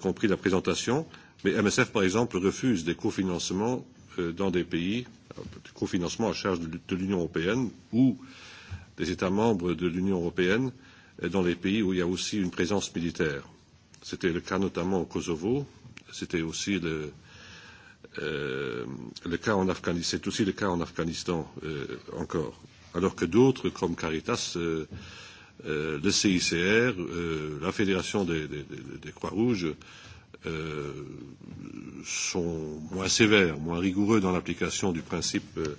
compris la présentation. Mais MSF, par exemple, refuse des cofinancements Euh, dans des pays, du euh, cofinancement à charge de, l'Union européenne ou des États membres de l'Union européenne euh, dans les pays où il y a aussi une présence militaire. C'était le cas notamment au Kosovo, c'était aussi le, euh, le cas en Afghanistan, c'est aussi le cas en Afghanistan euh, encore. Alors que d'autres, comme Caritas, euh, euh, le CICR, euh, la Fédération des, des, des, des Croix-Rouges, Euh, sont moins sévères, moins rigoureux dans l'application du principe euh,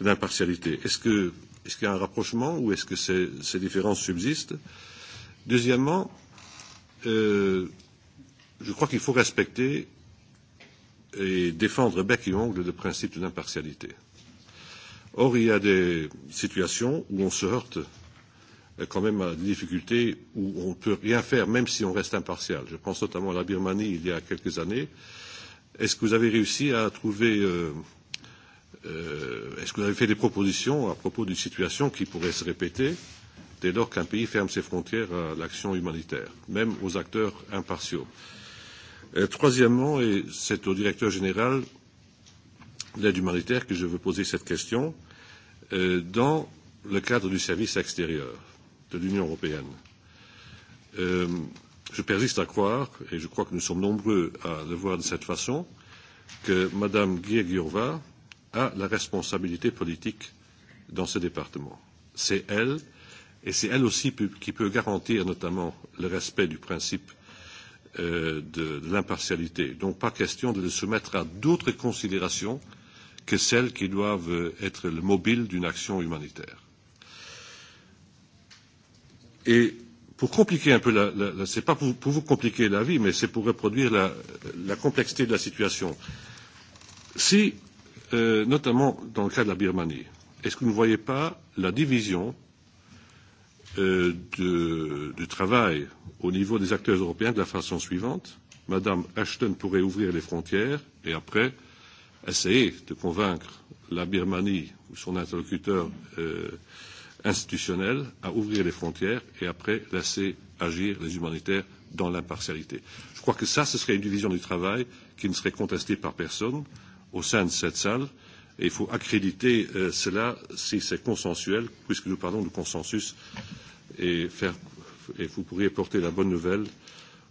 de l'impartialité. Est-ce que est-ce qu'il y a un rapprochement ou est-ce que ces, ces différences subsistent Deuxièmement, euh, je crois qu'il faut respecter et défendre bec et ongle le principe de l'impartialité. Or, il y a des situations où on se heurte Euh, quand même à des difficultés où on ne peut rien faire, même si on reste impartial. Je pense notamment à la Birmanie il y a quelques années. Est-ce que vous avez réussi à trouver, euh, euh, est-ce que vous avez fait des propositions à propos d'une situation qui pourrait se répéter dès lors qu'un pays ferme ses frontières à l'action humanitaire, même aux acteurs impartiaux euh, Troisièmement, et c'est au directeur général de l'aide humanitaire que je veux poser cette question, euh, dans le cadre du service extérieur de l'Union européenne. Euh, je persiste à croire, et je crois que nous sommes nombreux à le voir de cette façon, que Mme Guirguiova a la responsabilité politique dans ce département. C'est elle, et c'est elle aussi qui peut garantir notamment le respect du principe euh, de, de l'impartialité. Donc pas question de le soumettre à d'autres considérations que celles qui doivent être le mobile d'une action humanitaire. Et pour compliquer un peu la, la, la c'est pas pour, pour vous compliquer la vie, mais c'est pour reproduire la, la complexité de la situation. Si, euh, notamment dans le cas de la Birmanie, est-ce que vous ne voyez pas la division euh, de, du travail au niveau des acteurs européens de la façon suivante Madame Ashton pourrait ouvrir les frontières et après essayer de convaincre la Birmanie ou son interlocuteur euh, institutionnelle à ouvrir les frontières et après laisser agir les humanitaires dans l'impartialité. Je crois que ça, ce serait une division du travail qui ne serait contestée par personne au sein de cette salle. Et il faut accréditer euh, cela si c'est consensuel, puisque nous parlons de consensus, et, faire, et vous pourriez porter la bonne nouvelle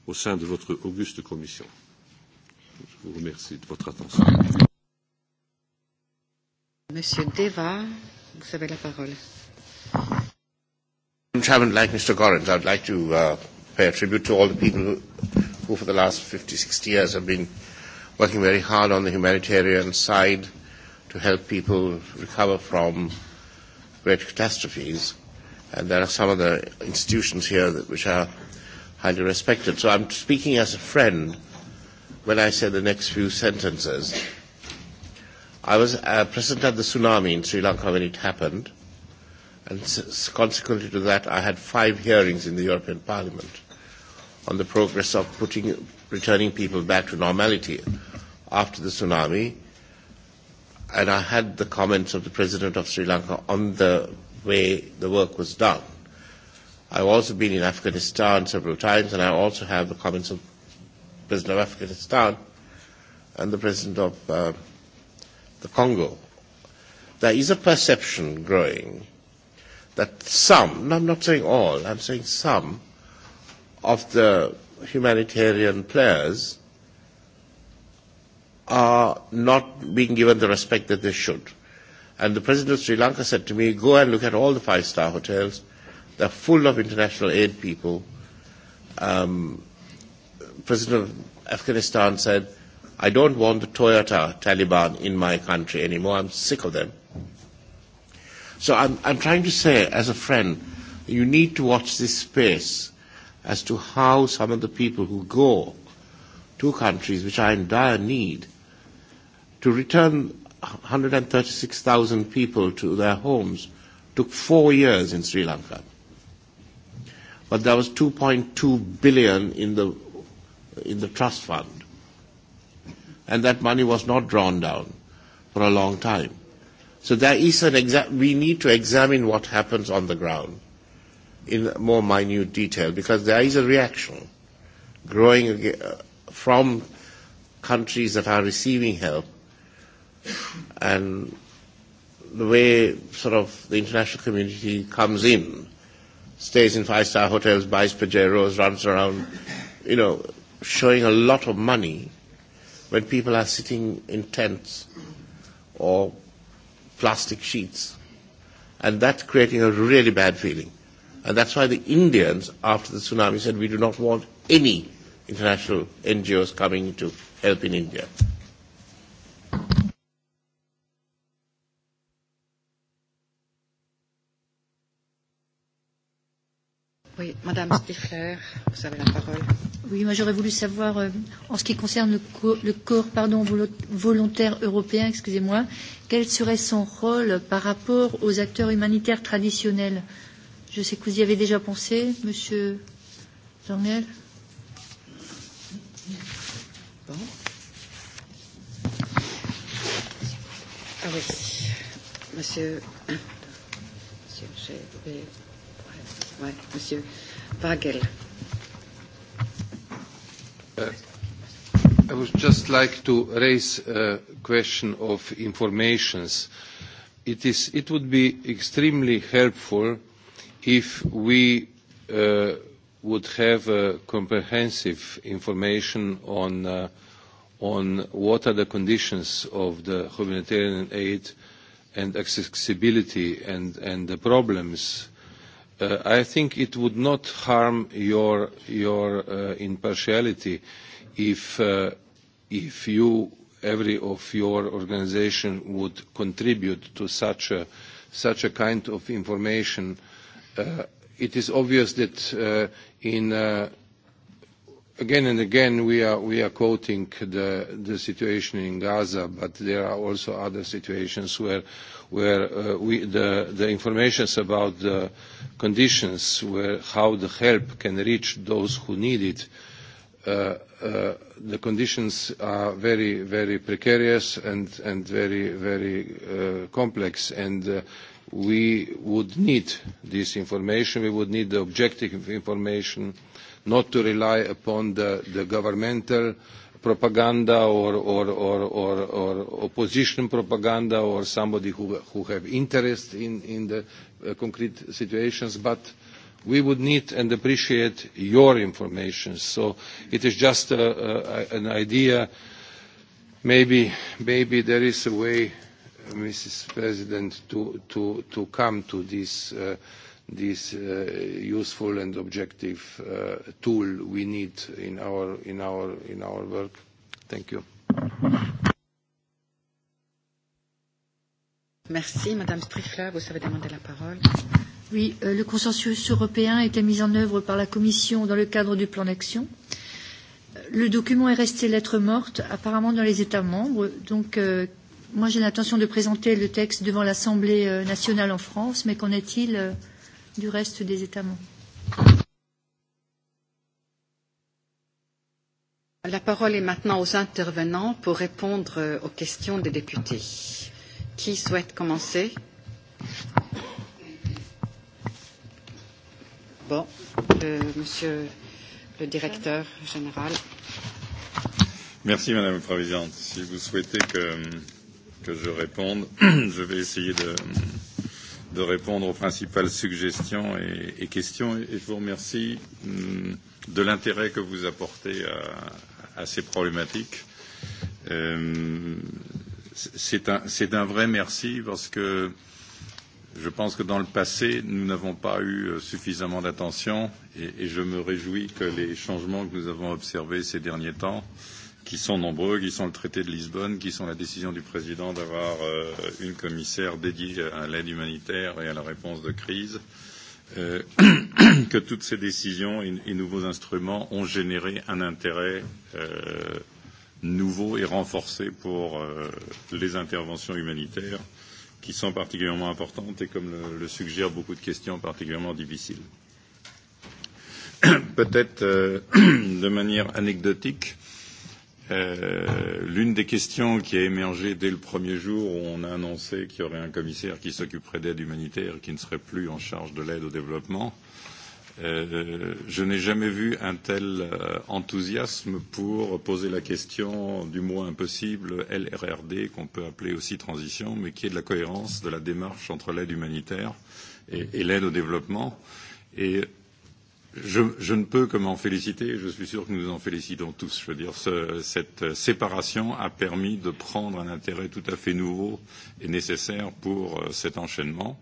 au sein de votre auguste commission. Je vous remercie de votre attention. Monsieur Deva, vous avez la parole. Chairman, like Mr. Gorins, I'd like to uh, pay a tribute to all the people who, who for the last 50, 60 years have been working very hard on the humanitarian side to help people recover from great catastrophes. And there are some of the institutions here that, which are highly respected. So I'm speaking as a friend when I say the next few sentences. I was uh, present at the tsunami in Sri Lanka when it happened And consequently to that, I had five hearings in the European Parliament on the progress of putting, returning people back to normality after the tsunami. And I had the comments of the President of Sri Lanka on the way the work was done. I've also been in Afghanistan several times, and I also have the comments of the President of Afghanistan and the President of uh, the Congo. There is a perception growing that some, I'm not saying all, I'm saying some of the humanitarian players are not being given the respect that they should. And the president of Sri Lanka said to me, go and look at all the five-star hotels. They're full of international aid people. Um, president of Afghanistan said, I don't want the Toyota Taliban in my country anymore. I'm sick of them. So I'm, I'm trying to say, as a friend, you need to watch this space as to how some of the people who go to countries which are in dire need to return 136,000 people to their homes took four years in Sri Lanka. But there was 2.2 billion in the, in the trust fund. And that money was not drawn down for a long time. So there is an exa- we need to examine what happens on the ground in more minute detail because there is a reaction growing uh, from countries that are receiving help and the way sort of the international community comes in, stays in five-star hotels, buys Pajeros, runs around, you know, showing a lot of money when people are sitting in tents or plastic sheets. And that's creating a really bad feeling. And that's why the Indians, after the tsunami, said we do not want any international NGOs coming to help in India. Oui, Madame Stifler, vous avez la parole. Oui, moi j'aurais voulu savoir, euh, en ce qui concerne le, co le corps pardon, volontaire européen, excusez-moi, quel serait son rôle par rapport aux acteurs humanitaires traditionnels Je sais que vous y avez déjà pensé, Monsieur Jornel. Bon. Ah oui, Monsieur. Monsieur, monsieur Wagel. Uh, I would just like to raise a question of informations. It, is, it would be extremely helpful if we uh, would have uh, comprehensive information on, uh, on what are the conditions of the humanitarian aid and accessibility and, and the problems Uh, I think it would not harm your, your uh, impartiality if, uh, if you, every of your organization would contribute to such a, such a kind of information. Uh, it is obvious that uh, in uh, again and again we are, we are quoting the, the situation in Gaza, but there are also other situations where, where uh, we, the, the information about the conditions, where, how the help can reach those who need it, uh, uh, the conditions are very, very precarious and, and very, very uh, complex. And uh, we would need this information. We would need the objective information uh, not to rely upon the, the governmental propaganda or, or, or, or, or opposition propaganda or somebody who, who have interest in, in the uh, concrete situations, but we would need and appreciate your information. So it is just a, uh, a, uh, an idea. Maybe, maybe there is a way, uh, Mrs. President, to, to, to come to this uh, this uh, useful and objective uh, tool we need in our in our in our work. Thank you. Merci, Madame Strifla. Vous avez demandé la parole. Oui, euh, le consensus européen a été mis en œuvre par la Commission dans le cadre du plan d'action. Euh, le document est resté lettre morte, apparemment dans les États membres. Donc, euh, moi, j'ai l'intention de présenter le texte devant l'Assemblée euh, nationale en France, mais qu'en est-il euh, du reste des États membres. La parole est maintenant aux intervenants pour répondre euh, aux questions des députés. Qui souhaite commencer Bon, le, monsieur le directeur général. Merci madame la présidente. Si vous souhaitez que, que je réponde, [clears throat] je vais essayer de, de répondre aux principales suggestions et, et questions. Et je vous remercie hum, de l'intérêt que vous apportez à, à ces problématiques. Euh, C'est un, un vrai merci parce que je pense que dans le passé, nous n'avons pas eu euh, suffisamment d'attention et, et je me réjouis que les changements que nous avons observés ces derniers temps euh, qui sont nombreux, qui sont le traité de Lisbonne, qui sont la décision du président d'avoir euh, une commissaire dédiée à l'aide humanitaire et à la réponse de crise, euh, [coughs] que toutes ces décisions et, et nouveaux instruments ont généré un intérêt euh, nouveau et renforcé pour euh, les interventions humanitaires qui sont particulièrement importantes et comme le, le suggèrent beaucoup de questions particulièrement difficiles. [coughs] Peut-être euh, [coughs] de manière anecdotique, euh, Euh, l'une des questions qui a émergé dès le premier jour où on a annoncé qu'il y aurait un commissaire qui s'occuperait d'aide humanitaire, qui ne serait plus en charge de l'aide au développement, euh, je n'ai jamais vu un tel euh, enthousiasme pour poser la question du mot impossible LRRD, qu'on peut appeler aussi transition, mais qui est de la cohérence de la démarche entre l'aide humanitaire et, et l'aide au développement. Et je, je ne peux que m'en féliciter. Je suis sûr que nous nous en félicitons tous. Je veux dire, ce, cette séparation a permis de prendre un intérêt tout à fait nouveau et nécessaire pour euh, cet enchaînement.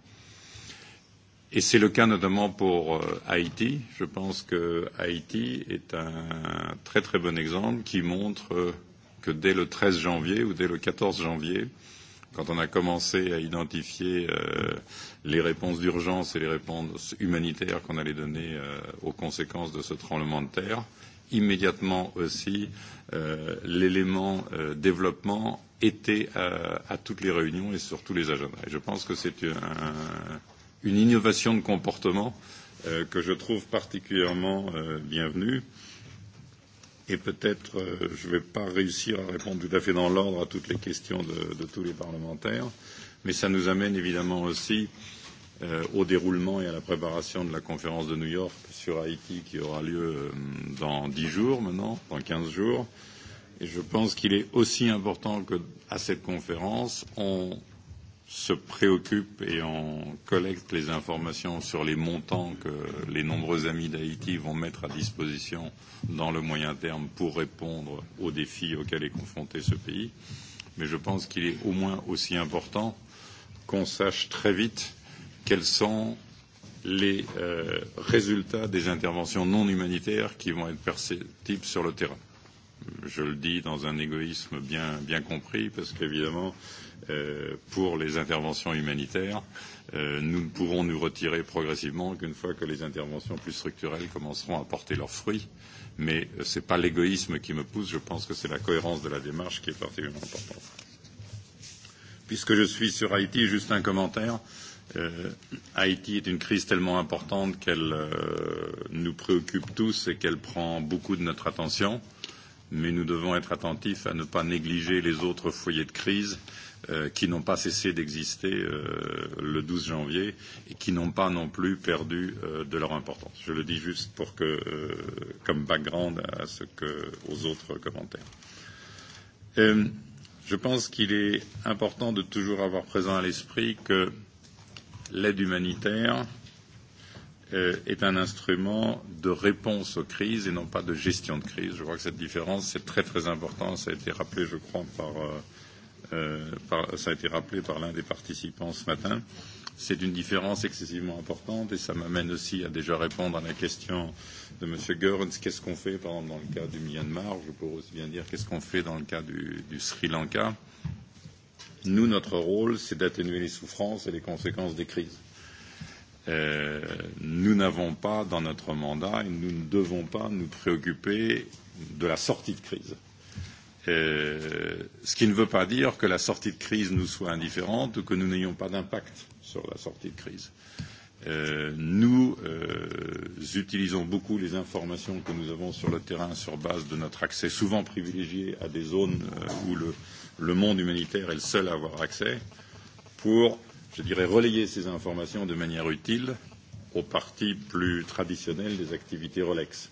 Et c'est le cas notamment pour euh, Haïti. Je pense que Haïti est un très très bon exemple qui montre que dès le 13 janvier ou dès le 14 janvier, euh, quand on a commencé à identifier euh, les réponses d'urgence et les réponses humanitaires qu'on allait donner euh, aux conséquences de ce tremblement de terre, immédiatement aussi, euh, l'élément euh, développement était à, à toutes les réunions et sur tous les agendas. Et je pense que c'est un, une innovation de comportement euh, que je trouve particulièrement euh, bienvenue. Euh, Et peut-être, euh, je ne vais pas réussir à répondre tout à fait dans l'ordre à toutes les questions de, de tous les parlementaires, mais ça nous amène évidemment aussi euh, au déroulement et à la préparation de la conférence de New York sur Haïti qui aura lieu euh, dans 10 jours maintenant, dans 15 jours. Et je pense qu'il est aussi important qu'à cette conférence, on se préoccupe et on collecte les informations sur les montants que les nombreux amis d'Haïti vont mettre à disposition dans le moyen terme pour répondre aux défis auxquels est confronté ce pays. Mais je pense qu'il est au moins aussi important qu'on sache très vite quels sont les euh, résultats des interventions non humanitaires qui vont être perceptibles sur le terrain. Je le dis dans un égoïsme bien, bien compris, parce qu'évidemment, euh, Euh, pour les interventions humanitaires. Euh, nous ne pourrons nous retirer progressivement qu'une fois que les interventions plus structurelles commenceront à porter leurs fruits. Mais euh, ce n'est pas l'égoïsme qui me pousse, je pense que c'est la cohérence de la démarche qui est particulièrement importante. Puisque je suis sur Haïti, juste un commentaire. Euh, Haïti est une crise tellement importante qu'elle euh, nous préoccupe tous et qu'elle prend beaucoup de notre attention. Mais nous devons être attentifs à ne pas négliger les autres foyers de crise. Euh, Euh, qui n'ont pas cessé d'exister euh, le 12 janvier et qui n'ont pas non plus perdu euh, de leur importance. Je le dis juste pour que, euh, comme background à ce que, aux autres commentaires. Euh, je pense qu'il est important de toujours avoir présent à l'esprit que l'aide humanitaire euh, est un instrument de réponse aux crises et non pas de gestion de crise. Je crois que cette différence est très très importante. Ça a été rappelé, je crois, par euh, Euh, par, ça a été rappelé par l'un des participants ce matin. C'est une différence excessivement importante et ça m'amène aussi à déjà répondre à la question de M. Goerns, qu'est-ce qu'on fait par exemple dans le cas du Myanmar Je pourrais aussi bien dire qu'est-ce qu'on fait dans le cas du, du Sri Lanka. Nous, notre rôle, c'est d'atténuer les souffrances et les conséquences des crises. Euh, nous n'avons pas dans notre mandat et nous ne devons pas nous préoccuper de la sortie de crise Euh, ce qui ne veut pas dire que la sortie de crise nous soit indifférente ou que nous n'ayons pas d'impact sur la sortie de crise. Euh, nous euh, utilisons beaucoup les informations que nous avons sur le terrain sur base de notre accès souvent privilégié à des zones euh, où le, le monde humanitaire est le seul à avoir accès pour, je dirais, relayer ces informations de manière utile aux parties plus traditionnelles des activités Rolex.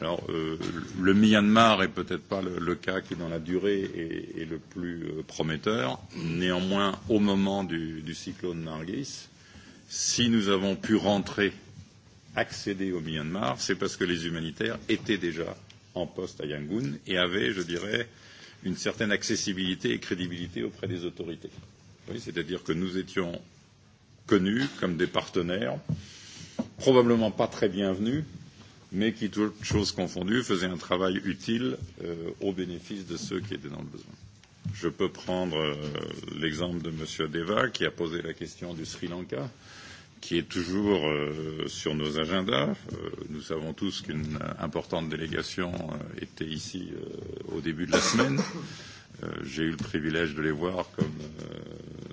Alors, euh, le Myanmar est peut-être pas le, le cas qui, dans la durée, est, est le plus euh, prometteur. Néanmoins, au moment du, du cyclone Nargis, si nous avons pu rentrer, accéder au Myanmar, c'est parce que les humanitaires étaient déjà en poste à Yangon et avaient, je dirais, une certaine accessibilité et crédibilité auprès des autorités. Oui, C'est-à-dire que nous étions connus comme des partenaires, probablement pas très bienvenus, mais qui, toutes choses confondues, faisait un travail utile euh, au bénéfice de ceux qui étaient dans le besoin. Je peux prendre euh, l'exemple de M. Deva, qui a posé la question du Sri Lanka, qui est toujours euh, sur nos agendas. Euh, nous savons tous qu'une importante délégation euh, était ici euh, au début de la semaine. Euh, J'ai eu le privilège de les voir comme euh,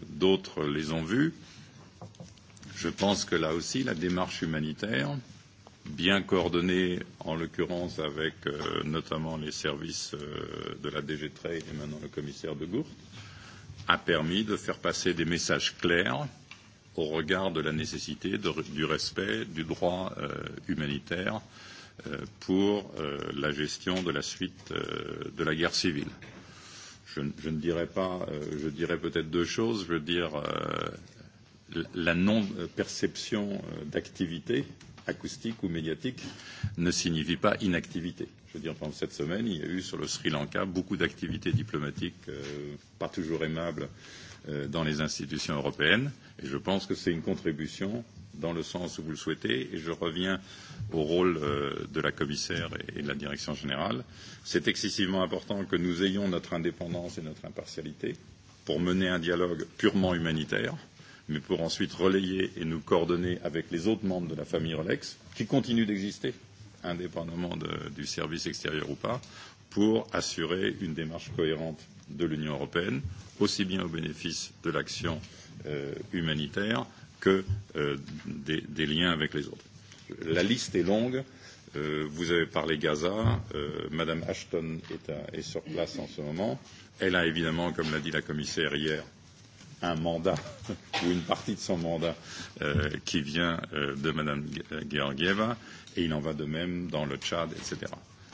d'autres les ont vus. Je pense que là aussi, la démarche humanitaire euh, bien coordonné, en l'occurrence avec euh, notamment les services euh, de la DG Trade et maintenant le commissaire de Gourde, a permis de faire passer des messages clairs au regard de la nécessité de, du respect du droit euh, humanitaire euh, pour euh, la gestion de la suite euh, de la guerre civile. Je, je ne dirais pas, euh, je dirais peut-être deux choses. Je veux dire euh, la non-perception euh, euh, d'activité euh, acoustique ou médiatique ne signifie pas inactivité. Je veux dire, pendant cette semaine, il y a eu sur le Sri Lanka beaucoup d'activités diplomatiques euh, pas toujours aimables euh, dans les institutions européennes. Et je pense que c'est une contribution dans le sens où vous le souhaitez. Et je reviens au rôle euh, de la commissaire et, et de la direction générale. C'est excessivement important que nous ayons notre indépendance et notre impartialité pour mener un dialogue purement humanitaire mais pour ensuite relayer et nous coordonner avec les autres membres de la famille Rolex, qui continuent d'exister, indépendamment de, du service extérieur ou pas, pour assurer une démarche cohérente de l'Union européenne, aussi bien au bénéfice de l'action euh, humanitaire que euh, des, des liens avec les autres. La liste est longue. Euh, vous avez parlé Gaza. Euh, Madame Ashton est, à, est sur place en ce moment. Elle a évidemment, comme l'a dit la commissaire hier, euh, un mandat [laughs] ou une partie de son mandat euh, qui vient euh, de Mme euh, Georgieva, et il en va de même dans le Tchad, etc.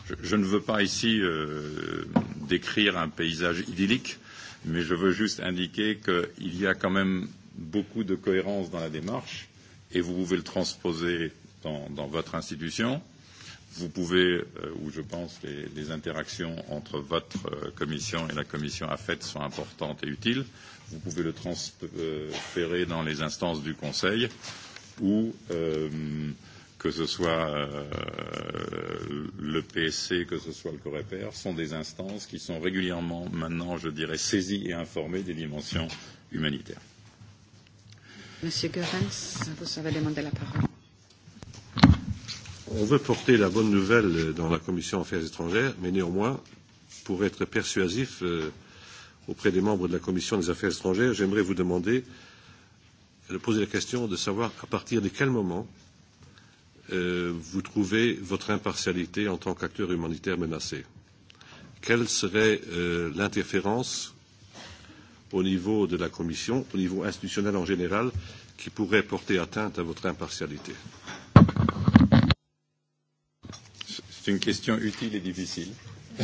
Je, je ne veux pas ici euh, décrire un paysage idyllique, mais je veux juste indiquer qu'il y a quand même beaucoup de cohérence dans la démarche, et vous pouvez le transposer dans, dans votre institution. Euh, vous pouvez, euh, ou je pense, les, les interactions entre votre euh, commission et la commission AFET sont importantes et utiles. Vous pouvez le transférer dans les instances du Conseil ou euh, que ce soit euh, le PSC, que ce soit le Coreper, sont des instances qui sont régulièrement maintenant, je dirais, saisies et informées des dimensions humanitaires. Monsieur Goerens, vous avez demandé la parole on veut porter la bonne nouvelle dans la commission Affaires étrangères, mais néanmoins, pour être persuasif euh, auprès des membres de la commission des Affaires étrangères, j'aimerais vous demander de poser la question de savoir à partir de quel moment euh, vous trouvez votre impartialité en tant qu'acteur humanitaire menacé. Quelle serait euh, l'interférence au niveau de la Commission, au niveau institutionnel en général, qui pourrait porter atteinte à votre impartialité? C'est une question utile et difficile. [laughs]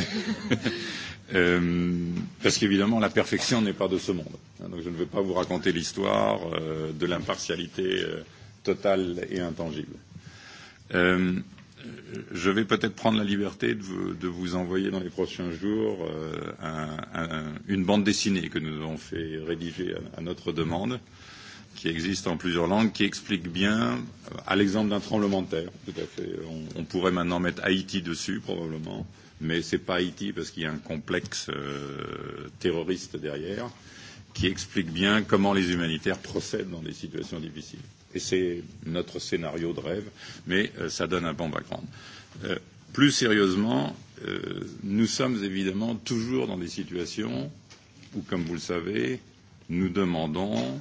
euh, parce qu'évidemment, la perfection n'est pas de ce monde. Donc, je ne vais pas vous raconter l'histoire euh, de l'impartialité euh, totale et intangible. Euh, je vais peut-être prendre la liberté de vous, de vous envoyer dans les prochains jours euh, un, un, une bande dessinée que nous avons fait rédiger à, à notre demande. Euh, qui existe en plusieurs langues, qui explique bien, à l'exemple d'un tremblement de terre, tout à fait. On, on pourrait maintenant mettre Haïti dessus, probablement, mais c'est pas Haïti parce qu'il y a un complexe euh, terroriste derrière, qui explique bien comment les humanitaires procèdent dans des situations difficiles. Et c'est notre scénario de rêve, mais euh, ça donne un bon background. Euh, plus sérieusement, euh, nous sommes évidemment toujours dans des situations où, comme vous le savez, nous demandons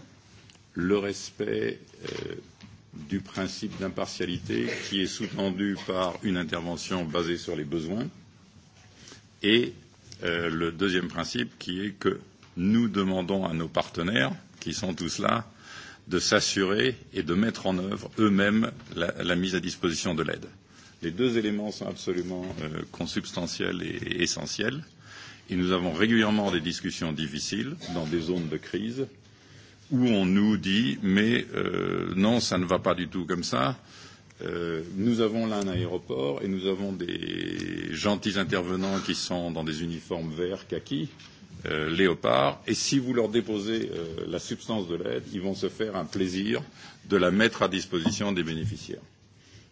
le respect euh, du principe d'impartialité qui est sous-tendu par une intervention basée sur les besoins et euh, le deuxième principe qui est que nous demandons à nos partenaires, qui sont tous là, de s'assurer et de mettre en œuvre eux-mêmes la, la mise à disposition de l'aide. Les deux éléments sont absolument euh, consubstantiels et, et essentiels. Et nous avons régulièrement des discussions difficiles dans des zones de crise où on nous dit mais euh, non, ça ne va pas du tout comme ça. Euh, nous avons là un aéroport et nous avons des gentils intervenants qui sont dans des uniformes verts, kaki, euh, léopard, et si vous leur déposez euh, la substance de l'aide, ils vont se faire un plaisir de la mettre à disposition des bénéficiaires.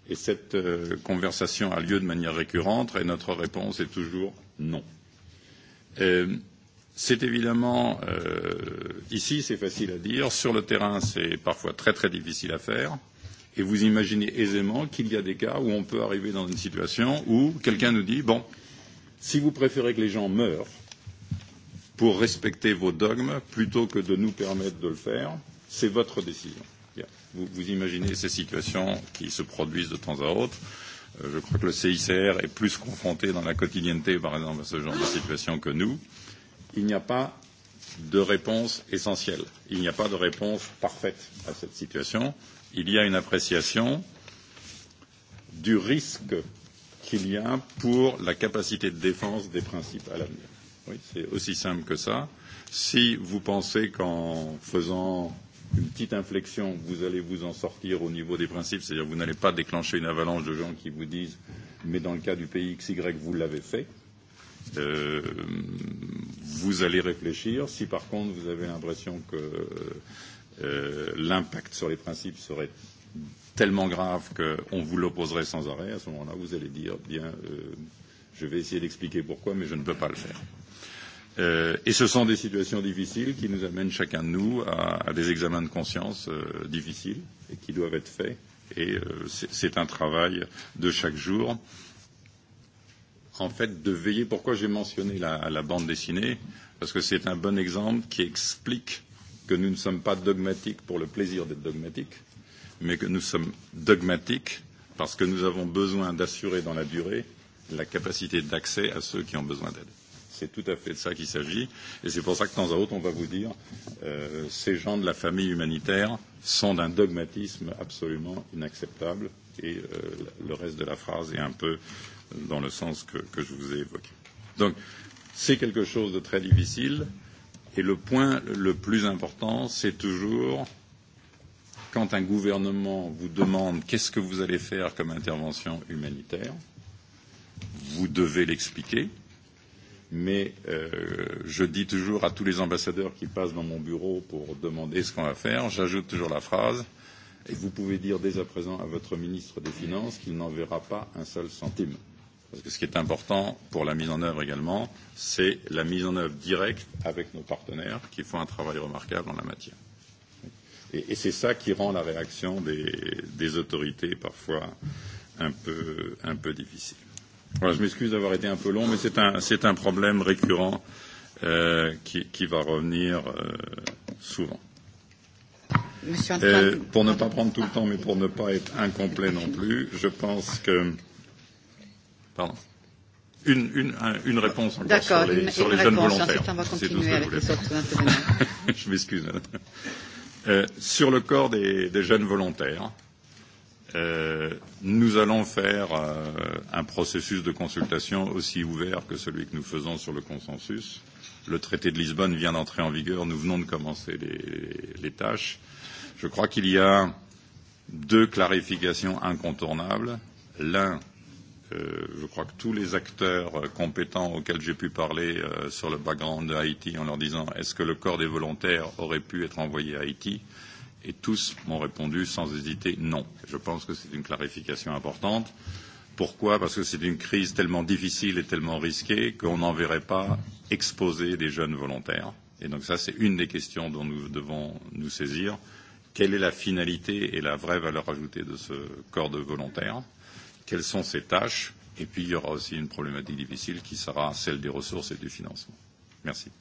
Et cette euh, conversation a lieu de manière récurrente et notre réponse est toujours non. Euh, C'est évidemment euh, ici, c'est facile à dire, sur le terrain, c'est parfois très très difficile à faire. Et vous imaginez aisément qu'il y a des cas où on peut arriver dans une situation où quelqu'un nous dit bon, si vous préférez que les gens meurent pour respecter vos dogmes plutôt que de nous permettre de le faire, c'est votre décision. Vous, vous imaginez ces situations qui se produisent de temps à autre. Euh, je crois que le CICR est plus confronté dans la quotidienneté, par exemple, à ce genre de situation que nous il n'y a pas de réponse essentielle. Il n'y a pas de réponse parfaite à cette situation. Il y a une appréciation du risque qu'il y a pour la capacité de défense des principes à l'avenir. Oui, c'est aussi simple que ça. Si vous pensez qu'en faisant une petite inflexion, vous allez vous en sortir au niveau des principes, c'est-à-dire vous n'allez pas déclencher une avalanche de gens qui vous disent mais dans le cas du pays XY, vous l'avez fait, Euh, vous allez réfléchir. Si par contre vous avez l'impression que euh, l'impact sur les principes serait tellement grave qu'on vous l'opposerait sans arrêt, à ce moment-là, vous allez dire, eh bien, euh, je vais essayer d'expliquer pourquoi, mais je ne peux pas le faire. Euh, et ce sont des situations difficiles qui nous amènent chacun de nous à, à des examens de conscience euh, difficiles et qui doivent être faits. Et euh, c'est un travail de chaque jour. Euh, en fait, de veiller. Pourquoi j'ai mentionné la, la bande dessinée Parce que c'est un bon exemple qui explique que nous ne sommes pas dogmatiques pour le plaisir d'être dogmatiques, mais que nous sommes dogmatiques parce que nous avons besoin d'assurer dans la durée la capacité d'accès à ceux qui ont besoin d'aide. C'est tout à fait de ça qu'il s'agit. Et c'est pour ça que de temps à autre, on va vous dire euh, ces gens de la famille humanitaire sont d'un dogmatisme absolument inacceptable. Et euh, le reste de la phrase est un peu euh, dans le sens que, que je vous ai évoqué. Donc, c'est quelque chose de très difficile. Et le point le plus important, c'est toujours quand un gouvernement vous demande qu'est-ce que vous allez faire comme intervention humanitaire, vous devez l'expliquer. Mais euh, je dis toujours à tous les ambassadeurs qui passent dans mon bureau pour demander ce qu'on va faire, j'ajoute toujours la phrase et vous pouvez dire dès à présent à votre ministre des Finances qu'il n'enverra pas un seul centime. Parce que ce qui est important pour la mise en œuvre également, c'est la mise en œuvre directe avec nos partenaires qui font un travail remarquable en la matière. Et, et c'est ça qui rend la réaction des, des autorités parfois un peu, un peu difficile. Voilà, je m'excuse d'avoir été un peu long, mais c'est un, un problème récurrent euh, qui, qui va revenir euh, souvent. Monsieur Antoine, euh, pour ne pas prendre tout le temps, mais pour ne pas être incomplet non plus, je pense que Pardon. Une, une, une réponse encore sur les, une, sur les une jeunes réponse, volontaires. Ensuite, on va continuer avec les autres intervenants. [laughs] je m'excuse, Euh, sur le corps des, des jeunes volontaires, euh, nous allons faire euh, un processus de consultation aussi ouvert que celui que nous faisons sur le consensus. Le traité de Lisbonne vient d'entrer en vigueur, nous venons de commencer les, les tâches. Je crois qu'il y a deux clarifications incontournables. L'un, Euh, je crois que tous les acteurs euh, compétents auxquels j'ai pu parler euh, sur le background de Haïti en leur disant est-ce que le corps des volontaires aurait pu être envoyé à Haïti et tous m'ont répondu sans hésiter non. Je pense que c'est une clarification importante. Pourquoi Parce que c'est une crise tellement difficile et tellement risquée qu'on n'enverrait pas exposer des jeunes volontaires. Et donc ça, c'est une des questions dont nous devons nous saisir. Quelle est la finalité et la vraie valeur ajoutée de ce corps de volontaires quelles sont ses tâches, et puis il y aura aussi une problématique difficile qui sera celle des ressources et du financement. Merci.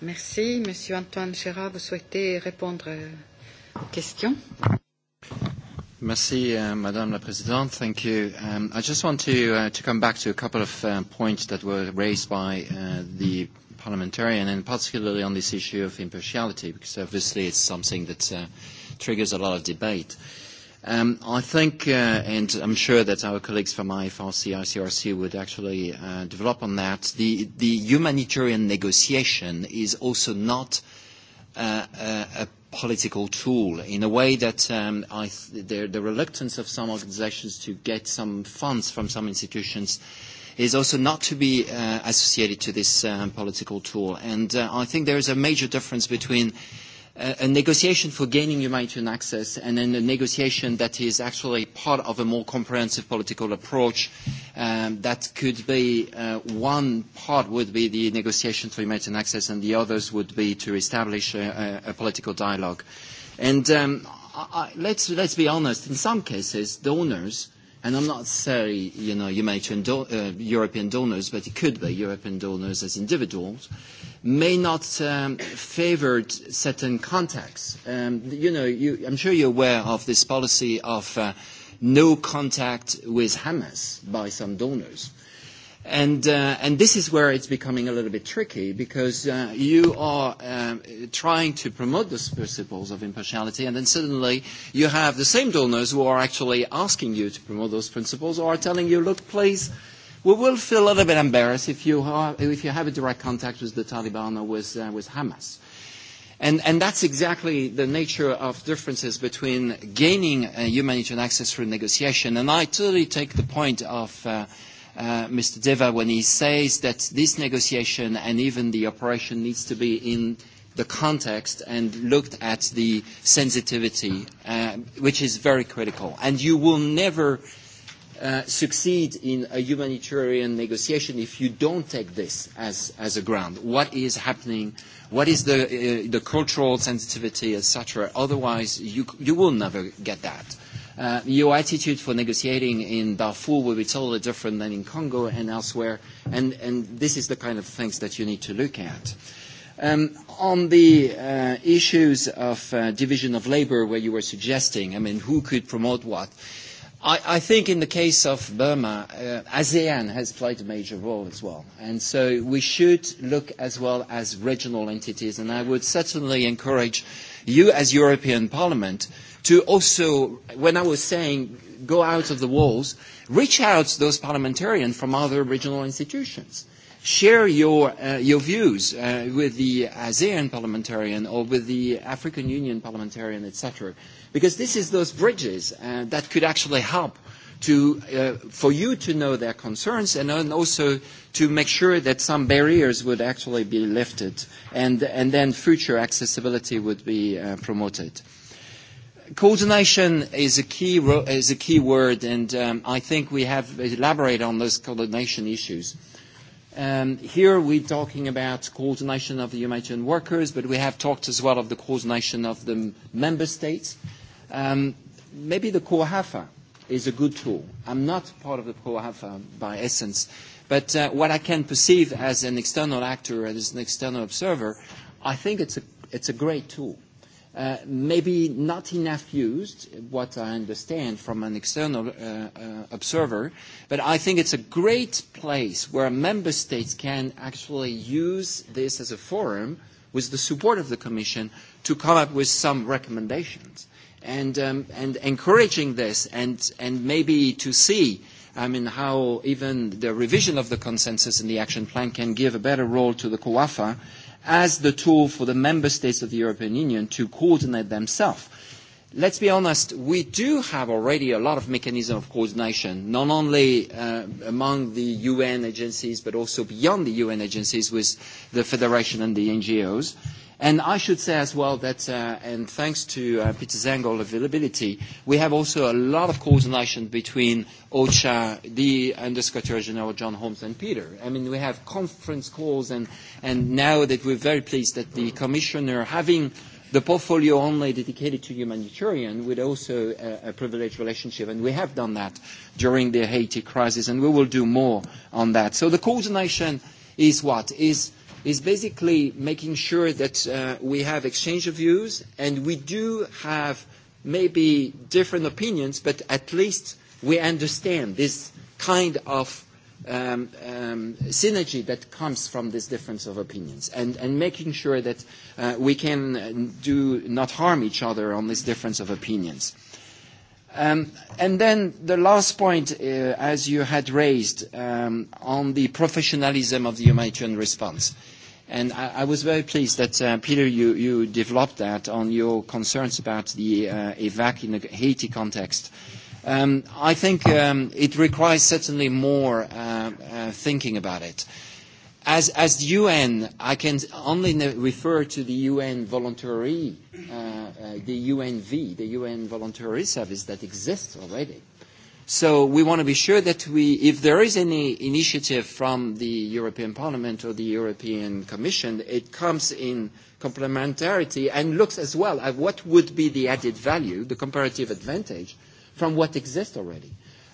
Merci. Monsieur Antoine Gérard, vous souhaitez répondre aux questions Merci, uh, Madame la Présidente. Thank you. Um, I just want to, uh, to come back to a couple of um, points that were raised by uh, the parliamentarian, and particularly on this issue of impartiality, because obviously it's something that uh, triggers a lot of debate. Uh, Um, I think, uh, and I'm sure that our colleagues from IFRC, ICRC would actually uh, develop on that, the, the humanitarian negotiation is also not uh, a, uh, a political tool in a way that um, I th- the, the reluctance of some organizations to get some funds from some institutions is also not to be uh, associated to this um, political tool. And uh, I think there is a major difference between uh, a negotiation for gaining humanitarian access and then a negotiation that is actually part of a more comprehensive political approach um, that could be uh, one part would be the negotiation for humanitarian access and the others would be to establish a, a, a political dialogue. And um, I, I, let's, let's be honest, in some cases, donors And I'm not saying, you know, you mentioned do- uh, European donors, but it could be European donors as individuals, may not um, favor certain contacts. Um, you know, you, I'm sure you're aware of this policy of uh, no contact with Hamas by some donors. And, uh, and this is where it's becoming a little bit tricky because uh, you are um, trying to promote those principles of impartiality, and then suddenly you have the same donors who are actually asking you to promote those principles or are telling you, look, please, we will feel a little bit embarrassed if you, are, if you have a direct contact with the Taliban or with, uh, with Hamas. And, and that's exactly the nature of differences between gaining uh, humanitarian access through negotiation. And I totally take the point of uh, uh, Mr. Deva when he says that this negotiation and even the operation needs to be in the context and looked at the sensitivity, uh, which is very critical. And you will never uh, succeed in a humanitarian negotiation if you don't take this as, as a ground. What is happening? What is the, uh, the cultural sensitivity, etc.? Otherwise, you, you will never get that your uh, attitude for negotiating in Darfur will be totally different than in Congo and elsewhere, and, and this is the kind of things that you need to look at. Um, on the uh, issues of uh, division of labor where you were suggesting, I mean, who could promote what, I, I think in the case of Burma, uh, ASEAN has played a major role as well. And so we should look as well as regional entities, and I would certainly encourage uh, you as European Parliament to also, when I was saying go out of the walls, reach out to those parliamentarians from other regional institutions. Share your, uh, your views uh, with the ASEAN parliamentarian or with the African Union parliamentarian, etc. Because this is those bridges uh, that could actually help to, uh, for you to know their concerns and also to make sure that some barriers would actually be lifted and, and then future accessibility would be uh, promoted. Coordination is a key, is a key word, and um, I think we have elaborated on those coordination issues. Um, here we're talking about coordination of the humanitarian workers, but we have talked as well of the coordination of the member states, um, maybe the core HAFA is a good tool. I'm not part of the pro-alpha by essence, but uh, what I can perceive as an external actor, and as an external observer, I think it's a, it's a great tool. Uh, maybe not enough used, what I understand from an external uh, uh, observer, but I think it's a great place where member states can actually use this as a forum with the support of the Commission to come up with some recommendations and, um, and encouraging this and, and maybe to see I mean, how even the revision of the consensus and the action plan can give a better role to the COAFA as the tool for the member states of the European Union to coordinate themselves. Let's be honest, we do have already a lot of mechanism of coordination, not only uh, among the UN agencies, but also beyond the UN agencies with the Federation and the NGOs. And I should say as well that, uh, and thanks to uh, Peter Zengel's availability, we have also a lot of coordination between OCHA, the Undersecretary General John Holmes, and Peter. I mean, we have conference calls, and, and now that we're very pleased that the Commissioner, having the portfolio only dedicated to humanitarian with also a, uh, a privileged relationship, and we have done that during the Haiti crisis, and we will do more on that. So the coordination is what? Is is basically making sure that uh, we have exchange of views and we do have maybe different opinions, but at least we understand this kind of um, um, synergy that comes from this difference of opinions and, and making sure that uh, we can uh, do not harm each other on this difference of opinions. Uh, Um, and then the last point, uh, as you had raised, um, on the professionalism of the humanitarian response. And I, I was very pleased that, uh, Peter, you, you developed that on your concerns about the uh, evac in the Haiti context. Um, I think um, it requires certainly more uh, uh, thinking about it. Uh, As, as the UN, I can only refer to the UN voluntary, uh, uh, the UNV, the UN voluntary service that exists already. So we want to be sure that we, if there is any initiative from the European Parliament or the European Commission, it comes in complementarity and looks as well at what would be the added value, the comparative advantage, from what exists already.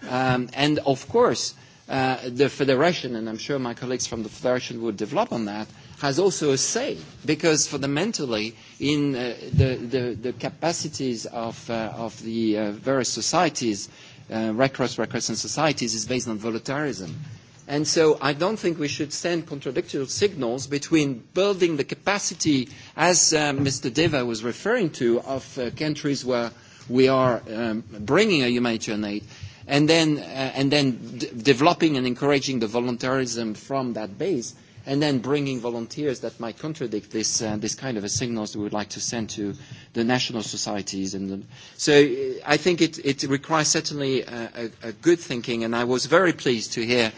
Um, and of course, uh, Uh, the federation, and I'm sure my colleagues from the federation would develop on that, has also a say because fundamentally in uh, the, the, the capacities of, uh, of the uh, various societies, uh, Red Cross, Red Crescent societies is based on voluntarism. And so I don't think we should send contradictory signals between building the capacity, as uh, Mr. Deva was referring to, of uh, countries where we are um, bringing a humanitarian aid and then, uh, and then d- developing and encouraging the voluntarism from that base, and then bringing volunteers that might contradict this, uh, this kind of a signals we would like to send to the national societies. And the, so uh, I think it, it requires certainly a, a, a good thinking, and I was very pleased to hear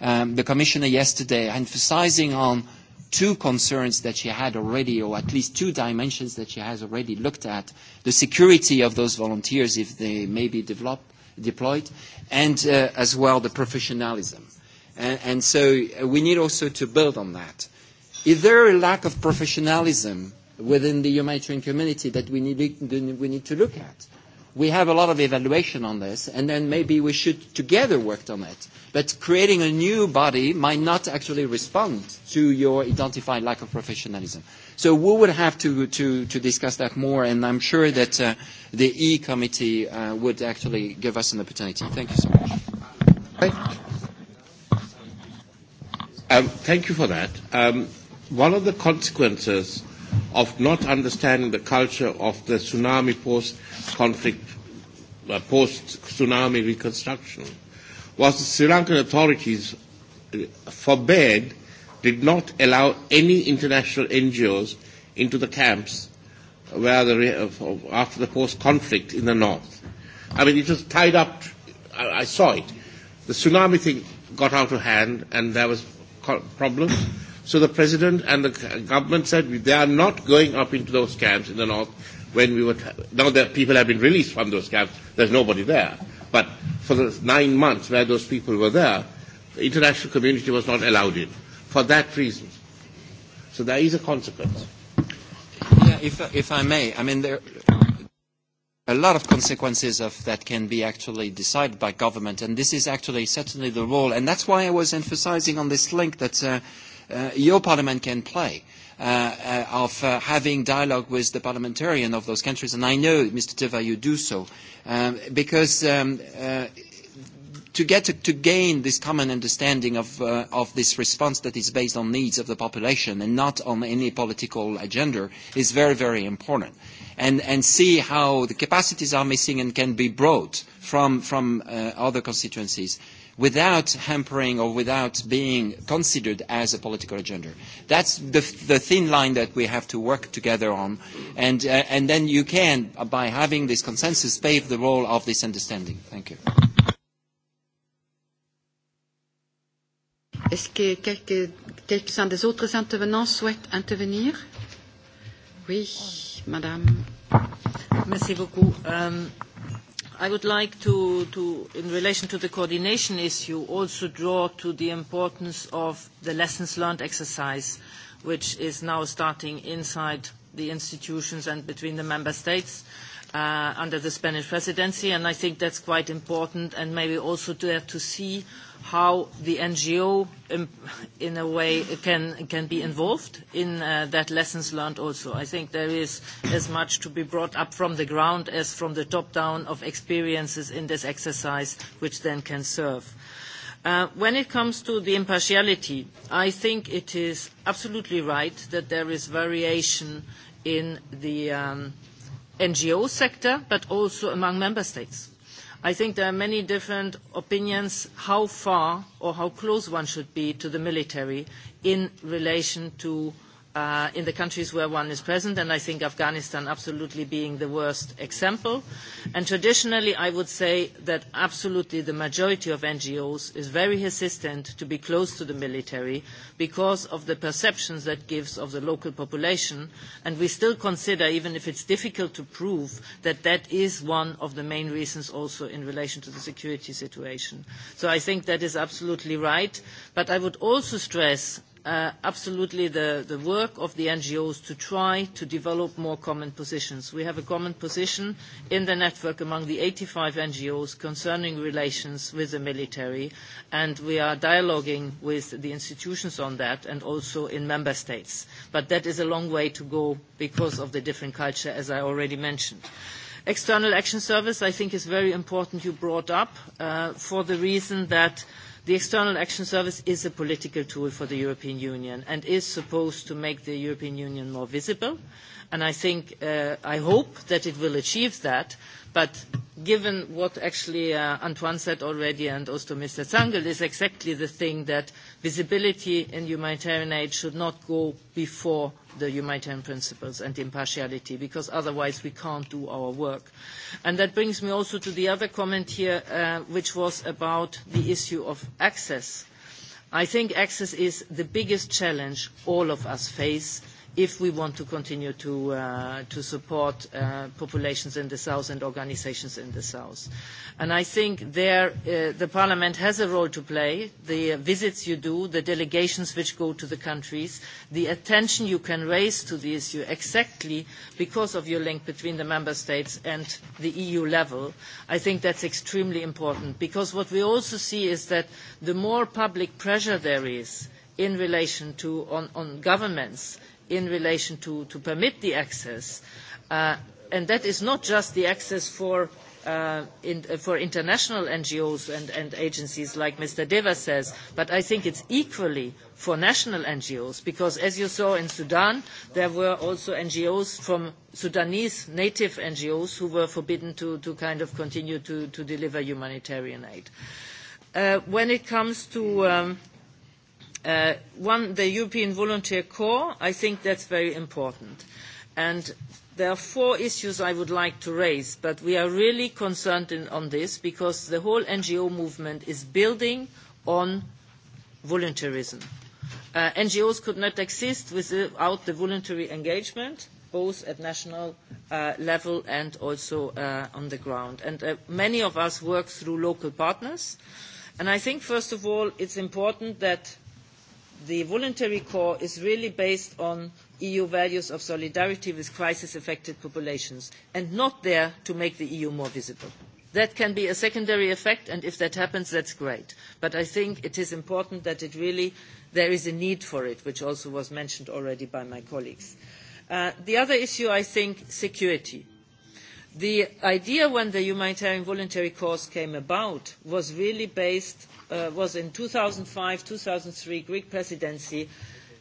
um, the commissioner yesterday emphasizing on two concerns that she had already, or at least two dimensions that she has already looked at, the security of those volunteers if they maybe develop – deployed, and uh, as well the professionalism. And, and so uh, we need also to build on that. Is there a lack of professionalism within the humanitarian community that we need, we need to look at? we have a lot of evaluation on this, and then maybe we should together work on it. But creating a new body might not actually respond to your identified lack of professionalism. So we would have to, to, to discuss that more, and I'm sure that uh, the E committee uh, would actually give us an opportunity. Thank you so much. Um, thank you for that. Um, one of the consequences of not understanding the culture of the tsunami post-conflict, uh, post-tsunami reconstruction, was the Sri Lankan authorities uh, forbade, did not allow any international NGOs into the camps where the, after the post-conflict in the north. I mean, it was tied up. I, I saw it. The tsunami thing got out of hand, and there was problems. So the president and the government said they are not going up into those camps in the north when we were t- now that people have been released from those camps. There's nobody there, but for the nine months where those people were there, the international community was not allowed in for that reason. So there is a consequence. Yeah, if, if I may, I mean there a lot of consequences of that can be actually decided by government, and this is actually certainly the role, and that's why I was emphasizing on this link that. Uh, uh, your parliament can play. Uh, uh, of uh, having dialogue with the parliamentarian of those countries, and I know, Mr. Teva, you do so, um, because um, uh, to get to, to gain this common understanding of, uh, of this response that is based on needs of the population and not on any political agenda is very, very important. And, and see how the capacities are missing and can be brought from, from uh, other constituencies without hampering or without being considered as a political agenda. That's the, the thin line that we have to work together on. And, uh, and then you can, uh, by having this consensus, pave the role of this understanding. Thank you. Est-ce que quelques, quelques-uns des autres intervenants souhaitent intervenir Oui, madame. Merci beaucoup. Euh, I would like to, to, in relation to the coordination issue, also draw to the importance of the lessons learned exercise, which is now starting inside the institutions and between the member states uh, under the Spanish presidency, and I think that's quite important, and maybe also there to see how the NGO, um, in a way, can, can be involved in uh, that lessons learned also. I think there is as much to be brought up from the ground as from the top down of experiences in this exercise, which then can serve. Uh, when it comes to the impartiality, I think it is absolutely right that there is variation in the um, NGO sector, but also among member states. I think there are many different opinions how far or how close one should be to the military in relation to Uh, in the countries where one is present, and I think Afghanistan absolutely being the worst example. And traditionally, I would say that absolutely the majority of NGOs is very hesitant to be close to the military because of the perceptions that gives of the local population, and we still consider, even if it's difficult to prove, that that is one of the main reasons also in relation to the security situation. So I think that is absolutely right, but I would also stress Uh, absolutely the, the work of the NGOs to try to develop more common positions. We have a common position in the network among the 85 NGOs concerning relations with the military, and we are dialoguing with the institutions on that and also in member states. But that is a long way to go because of the different culture, as I already mentioned. External Action Service, I think, is very important you brought up uh, for the reason that The External Action Service is a political tool for the European Union and is supposed to make the European Union more visible. And I think, uh, I hope that it will achieve that. But given what actually uh, Antoine said already and also Mr. Zangel is exactly the thing that visibility in humanitarian aid should not go before the humanitarian principles and impartiality, because otherwise we can't do our work. And that brings me also to the other comment here, uh, which was about the issue of access. I think access is the biggest challenge all of us face, uh, if we want to continue to, uh, support uh, populations in the south and organizations in the south. And I think there uh, the parliament has a role to play. The visits you do, the delegations which go to the countries, the attention you can raise to the issue exactly because of your link between the member states and the EU level, I think that's extremely important because what we also see is that the more public pressure there is in relation to on governments in relation to, to permit the access. Uh, and that is not just the access for Uh, in, uh, for international NGOs and, and, agencies like Mr. Deva says, but I think it's equally for national NGOs, because as you saw in Sudan, there were also NGOs from Sudanese native NGOs who were forbidden to, to kind of continue to, to, deliver humanitarian aid. Uh, when it comes to um, Uh, one, the European Volunteer Corps, I think that's very important. And there are four issues I would like to raise, but we are really concerned in, on this because the whole NGO movement is building on volunteerism. Uh, NGOs could not exist without the voluntary engagement, both at national uh, level and also uh, on the ground. And uh, many of us work through local partners. And I think, first of all, it's important that the voluntary core is really based on EU values of solidarity with crisis-affected populations and not there to make the EU more visible. That can be a secondary effect, and if that happens, that's great. But I think it is important that it really, there is a need for it, which also was mentioned already by my colleagues. Uh, the other issue, I think, security. The idea when the humanitarian voluntary corps came about was really based uh, was in 2005, 2003 Greek presidency,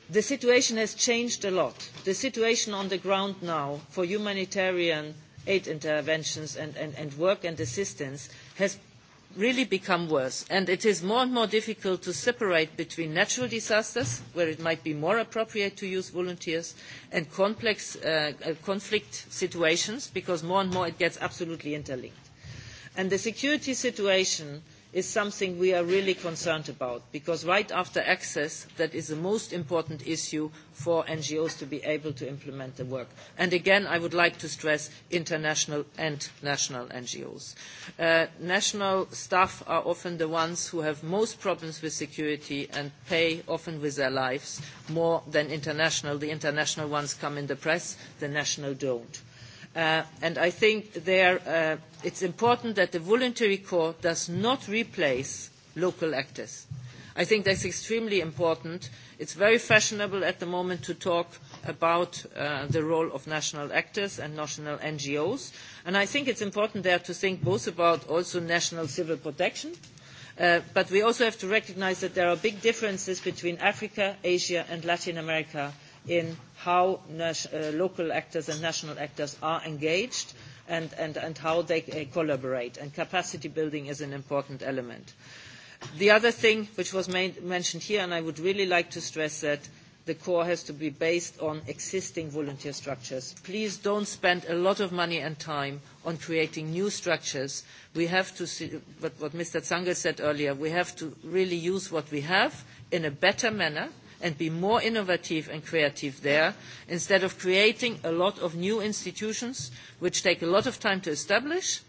the situation has changed a lot. The situation on the ground now for humanitarian aid interventions and, and, and work and assistance has really become worse. And it is more and more difficult to separate between natural disasters, where it might be more appropriate to use volunteers, and complex uh, uh conflict situations, because more and more it gets absolutely interlinked. And the security situation is something we are really concerned about because right after access that is the most important issue for ngos to be able to implement the work and again i would like to stress international and national ngos uh, national staff are often the ones who have most problems with security and pay often with their lives more than international the international ones come in the press the national don't Uh, and I think there, uh, it's important that the voluntary corps does not replace local actors. I think that's extremely important. It's very fashionable at the moment to talk about uh, the role of national actors and national NGOs. And I think it's important there to think both about also national civil protection, uh, but we also have to recognize that there are big differences between Africa, Asia and Latin America in how uh, local actors and national actors are engaged and, and, and how they uh, collaborate. And capacity building is an important element. The other thing which was made, mentioned here, and I would really like to stress that the core has to be based on existing volunteer structures. Please don't spend a lot of money and time on creating new structures. We have to see, what, what Mr. Zanger said earlier, we have to really use what we have in a better manner – and be more innovative and creative there instead of creating a lot of new institutions which take a lot of time to establish,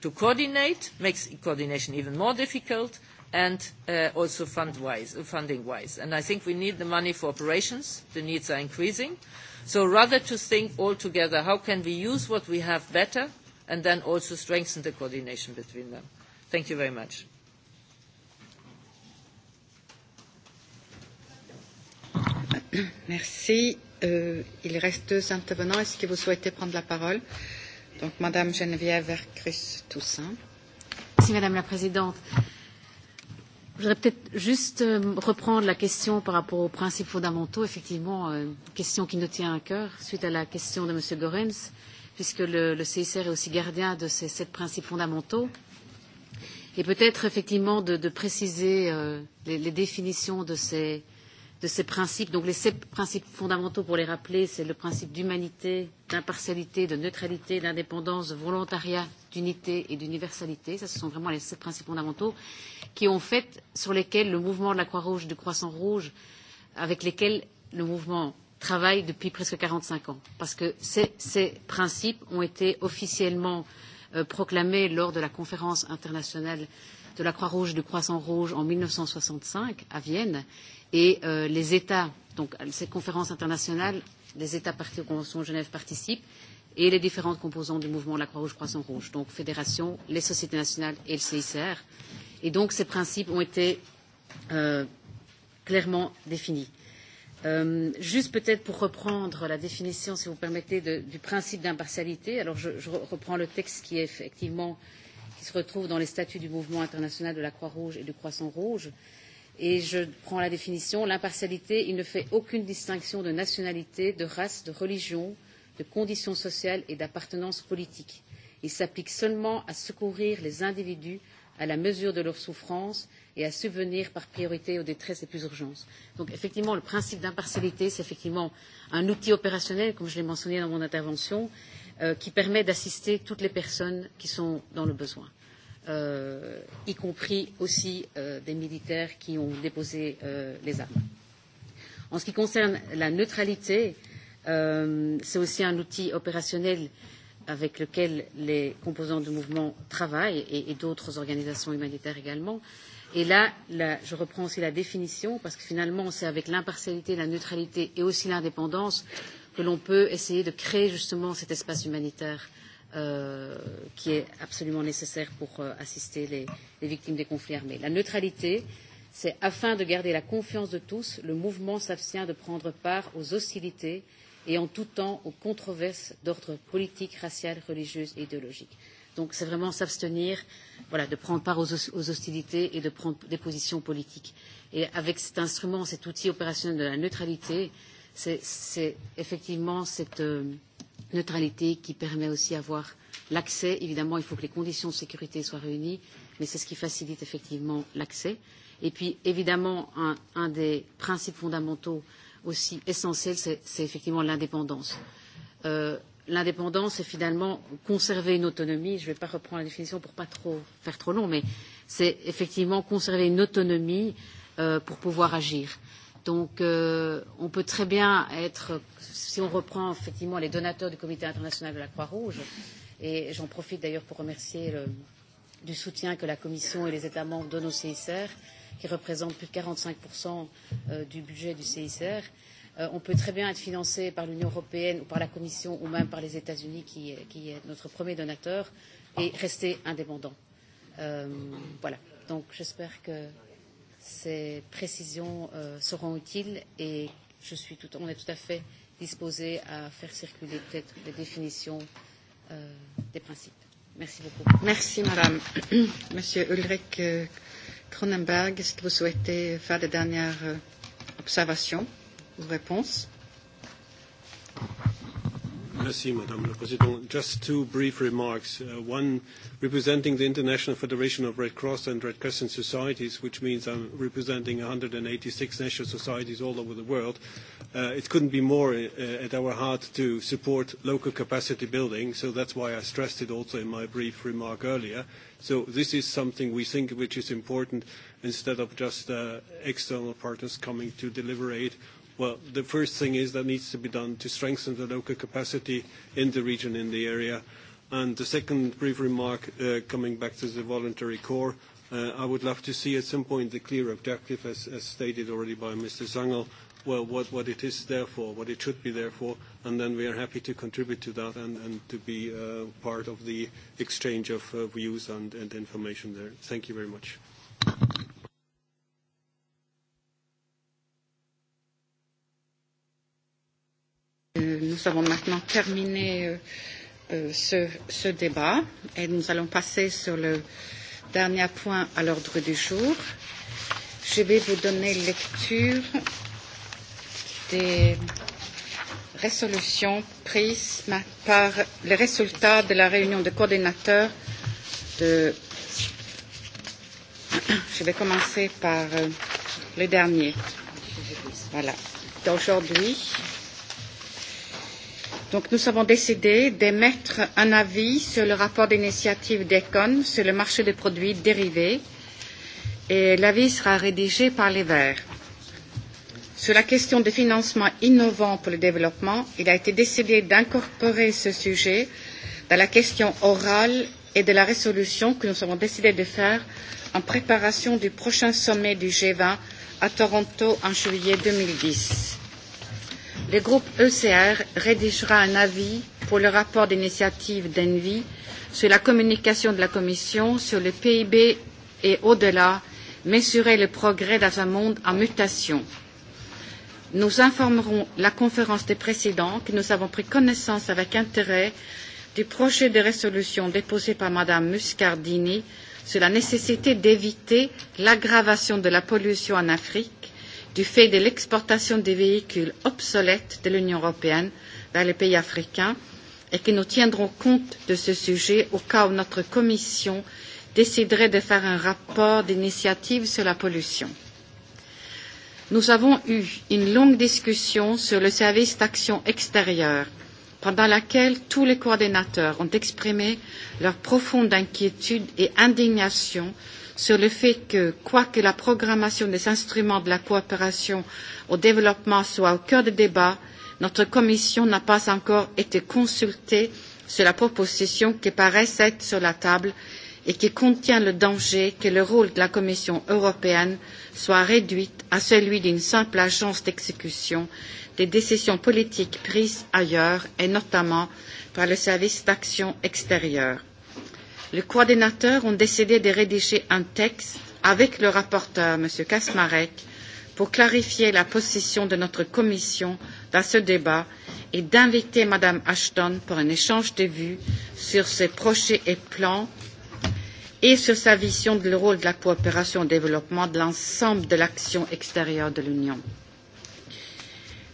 to coordinate, makes coordination even more difficult, and uh, also fund-wise, funding-wise. And I think we need the money for operations. The needs are increasing. So rather to think all together, how can we use what we have better and then also strengthen the coordination between them. Thank you very much. Merci. Euh, il reste deux intervenants. Est-ce que vous souhaitez prendre la parole Donc, Madame Geneviève Vercruz-Toussaint. Merci, Madame la Présidente. Je voudrais peut-être juste euh, reprendre la question par rapport aux principes fondamentaux. Effectivement, euh, une question qui nous tient à cœur suite à la question de M. Gorenz, puisque le, le CICR est aussi gardien de ces sept principes fondamentaux. Et peut-être effectivement de, de préciser euh, les, les définitions de ces, euh, de ces principes. Donc les sept principes fondamentaux, pour les rappeler, c'est le principe d'humanité, d'impartialité, de neutralité, d'indépendance, de volontariat, d'unité et d'universalité. Ça, ce sont vraiment les sept principes fondamentaux qui ont fait, sur lesquels le mouvement de la Croix-Rouge, du Croissant Rouge, avec lesquels le mouvement travaille depuis presque 45 ans. Parce que ces, ces principes ont été officiellement euh, proclamés lors de la conférence internationale de la Croix-Rouge, du Croissant Rouge en 1965 à Vienne et euh, les États. Donc à cette conférence internationale, les États partis aux conventions de Genève participent et les différentes composantes du mouvement de la Croix-Rouge, Croissant-Rouge, donc fédération, les sociétés nationales et le CICR. Et donc ces principes ont été euh, clairement définis. Euh, juste peut-être pour reprendre la définition, si vous permettez, de, du principe d'impartialité. Alors je, je reprends le texte qui est effectivement qui se retrouve dans les statuts du mouvement international de la Croix-Rouge et du Croissant-Rouge. Euh, Et je prends la définition. L'impartialité, il ne fait aucune distinction de nationalité, de race, de religion, de conditions sociales et d'appartenance politique. Il s'applique seulement à secourir les individus à la mesure de leur souffrance et à subvenir par priorité aux détresses les plus urgentes. Donc effectivement, le principe d'impartialité, c'est effectivement un outil opérationnel, comme je l'ai mentionné dans mon intervention, euh, qui permet d'assister toutes les personnes qui sont dans le besoin euh, y compris aussi euh, des militaires qui ont déposé euh, les armes. En ce qui concerne la neutralité, euh, c'est aussi un outil opérationnel avec lequel les composants du mouvement travaillent et, et d'autres organisations humanitaires également. Et là, là, je reprends aussi la définition parce que finalement, c'est avec l'impartialité, la neutralité et aussi l'indépendance que l'on peut essayer de créer justement cet espace humanitaire euh, Euh, qui est absolument nécessaire pour euh, assister les, les victimes des conflits armés. La neutralité, c'est afin de garder la confiance de tous, le mouvement s'abstient de prendre part aux hostilités et en tout temps aux controverses d'ordre politique, racial, religieux et idéologique. Donc c'est vraiment s'abstenir voilà, de prendre part aux, aux hostilités et de prendre des positions politiques. Et avec cet instrument, cet outil opérationnel de la neutralité, c'est effectivement cette, euh, neutralité qui permet aussi d'avoir l'accès. Évidemment, il faut que les conditions de sécurité soient réunies, mais c'est ce qui facilite effectivement l'accès. Et puis, évidemment, un, un des principes fondamentaux aussi essentiels, c'est effectivement l'indépendance. Euh, l'indépendance, c'est finalement conserver une autonomie. Je ne vais pas reprendre la définition pour ne pas trop faire trop long, mais c'est effectivement conserver une autonomie euh, pour pouvoir agir. Euh, Donc euh, on peut très bien être, si on reprend effectivement les donateurs du Comité international de la Croix-Rouge, et j'en profite d'ailleurs pour remercier le, du soutien que la Commission et les États membres donnent au CICR, qui représente plus de 45% euh, du budget du CICR. Euh, on peut très bien être financé par l'Union européenne ou par la Commission ou même par les États-Unis, qui, qui est notre premier donateur, et rester indépendant. Euh, voilà. Donc j'espère que ces précisions euh, seront utiles et je suis tout, on est tout à fait disposé à faire circuler peut-être les définitions euh, des principes. Merci beaucoup. Merci Madame. [clears throat] Monsieur Ulrich Cronenberg, euh, est-ce que vous souhaitez faire des dernières euh, observations ou réponses? Merci, Madame la Présidente. Just two brief remarks. Uh, one, representing the International Federation of Red Cross and Red Crescent Societies, which means I'm representing 186 national societies all over the world. Uh, it couldn't be more uh, at our heart to support local capacity building, so that's why I stressed it also in my brief remark earlier. So this is something we think which is important instead of just uh, external partners coming to deliver aid Well, the first thing is that needs to be done to strengthen the local capacity in the region, in the area. And the second brief remark, uh, coming back to the voluntary core, uh, I would love to see at some point the clear objective, as, as stated already by Mr. Zangel, well, what, what it is there for, what it should be there for, and then we are happy to contribute to that and, and to be uh, part of the exchange of uh, views and, and information there. Thank you very much. nous avons maintenant terminé euh, euh, ce, ce débat et nous allons passer sur le dernier point à l'ordre du jour. Je vais vous donner lecture des résolutions prises par les résultats de la réunion de coordinateurs de. [coughs] Je vais commencer par euh, le dernier. Voilà. D'aujourd'hui. Donc nous avons décidé d'émettre un avis sur le rapport d'initiative d'Econ sur le marché des produits dérivés et l'avis sera rédigé par les Verts. Sur la question des financements innovants pour le développement, il a été décidé d'incorporer ce sujet dans la question orale et de la résolution que nous avons décidé de faire en préparation du prochain sommet du G20 à Toronto en juillet 2010 le groupe ECR rédigera un avis pour le rapport d'initiative d'ENVI sur la communication de la Commission sur le PIB et au-delà, mesurer le progrès dans un monde en mutation. Nous informerons la conférence des présidents que nous avons pris connaissance avec intérêt du projet de résolution déposé par Mme Muscardini sur la nécessité d'éviter l'aggravation de la pollution en Afrique du fait de l'exportation des véhicules obsolètes de l'Union européenne vers les pays africains et que nous tiendrons compte de ce sujet au cas où notre commission déciderait de faire un rapport d'initiative sur la pollution. Nous avons eu une longue discussion sur le service d'action extérieure pendant laquelle tous les coordinateurs ont exprimé leur profonde inquiétude et indignation sur le fait que, quoique la programmation des instruments de la coopération au développement soit au cœur des débats, notre commission n'a pas encore été consultée sur la proposition qui paraît être sur la table et qui contient le danger que le rôle de la Commission européenne soit réduit à celui d'une simple agence d'exécution des décisions politiques prises ailleurs et notamment par le service d'action extérieure les coordinateurs ont décidé de rédiger un texte avec le rapporteur, M. Kaczmarek, pour clarifier la position de notre commission dans ce débat et d'inviter Mme Ashton pour un échange de vues sur ses projets et plans et sur sa vision du rôle de la coopération au développement de l'ensemble de l'action extérieure de l'Union.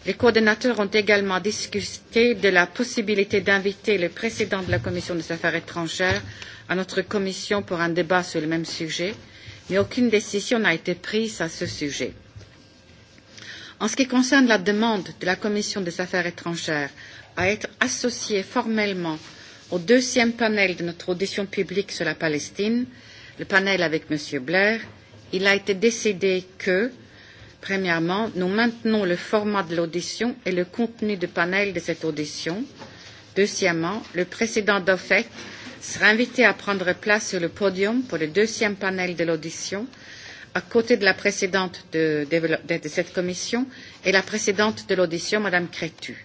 Les coordonnateurs ont également discuté de la possibilité d'inviter le président de la commission des affaires étrangères à notre commission pour un débat sur le même sujet, mais aucune décision n'a été prise à ce sujet. En ce qui concerne la demande de la commission des affaires étrangères à être associée formellement au deuxième panel de notre audition publique sur la Palestine, le panel avec M. Blair, il a été décidé que, Premièrement, nous maintenons le format de l'audition et le contenu du panel de cette audition. Deuxièmement, le président d'OFEC sera invité à prendre place sur le podium pour le deuxième panel de l'audition, à côté de la présidente de, de, de cette commission et la présidente de l'audition, Madame Crétu.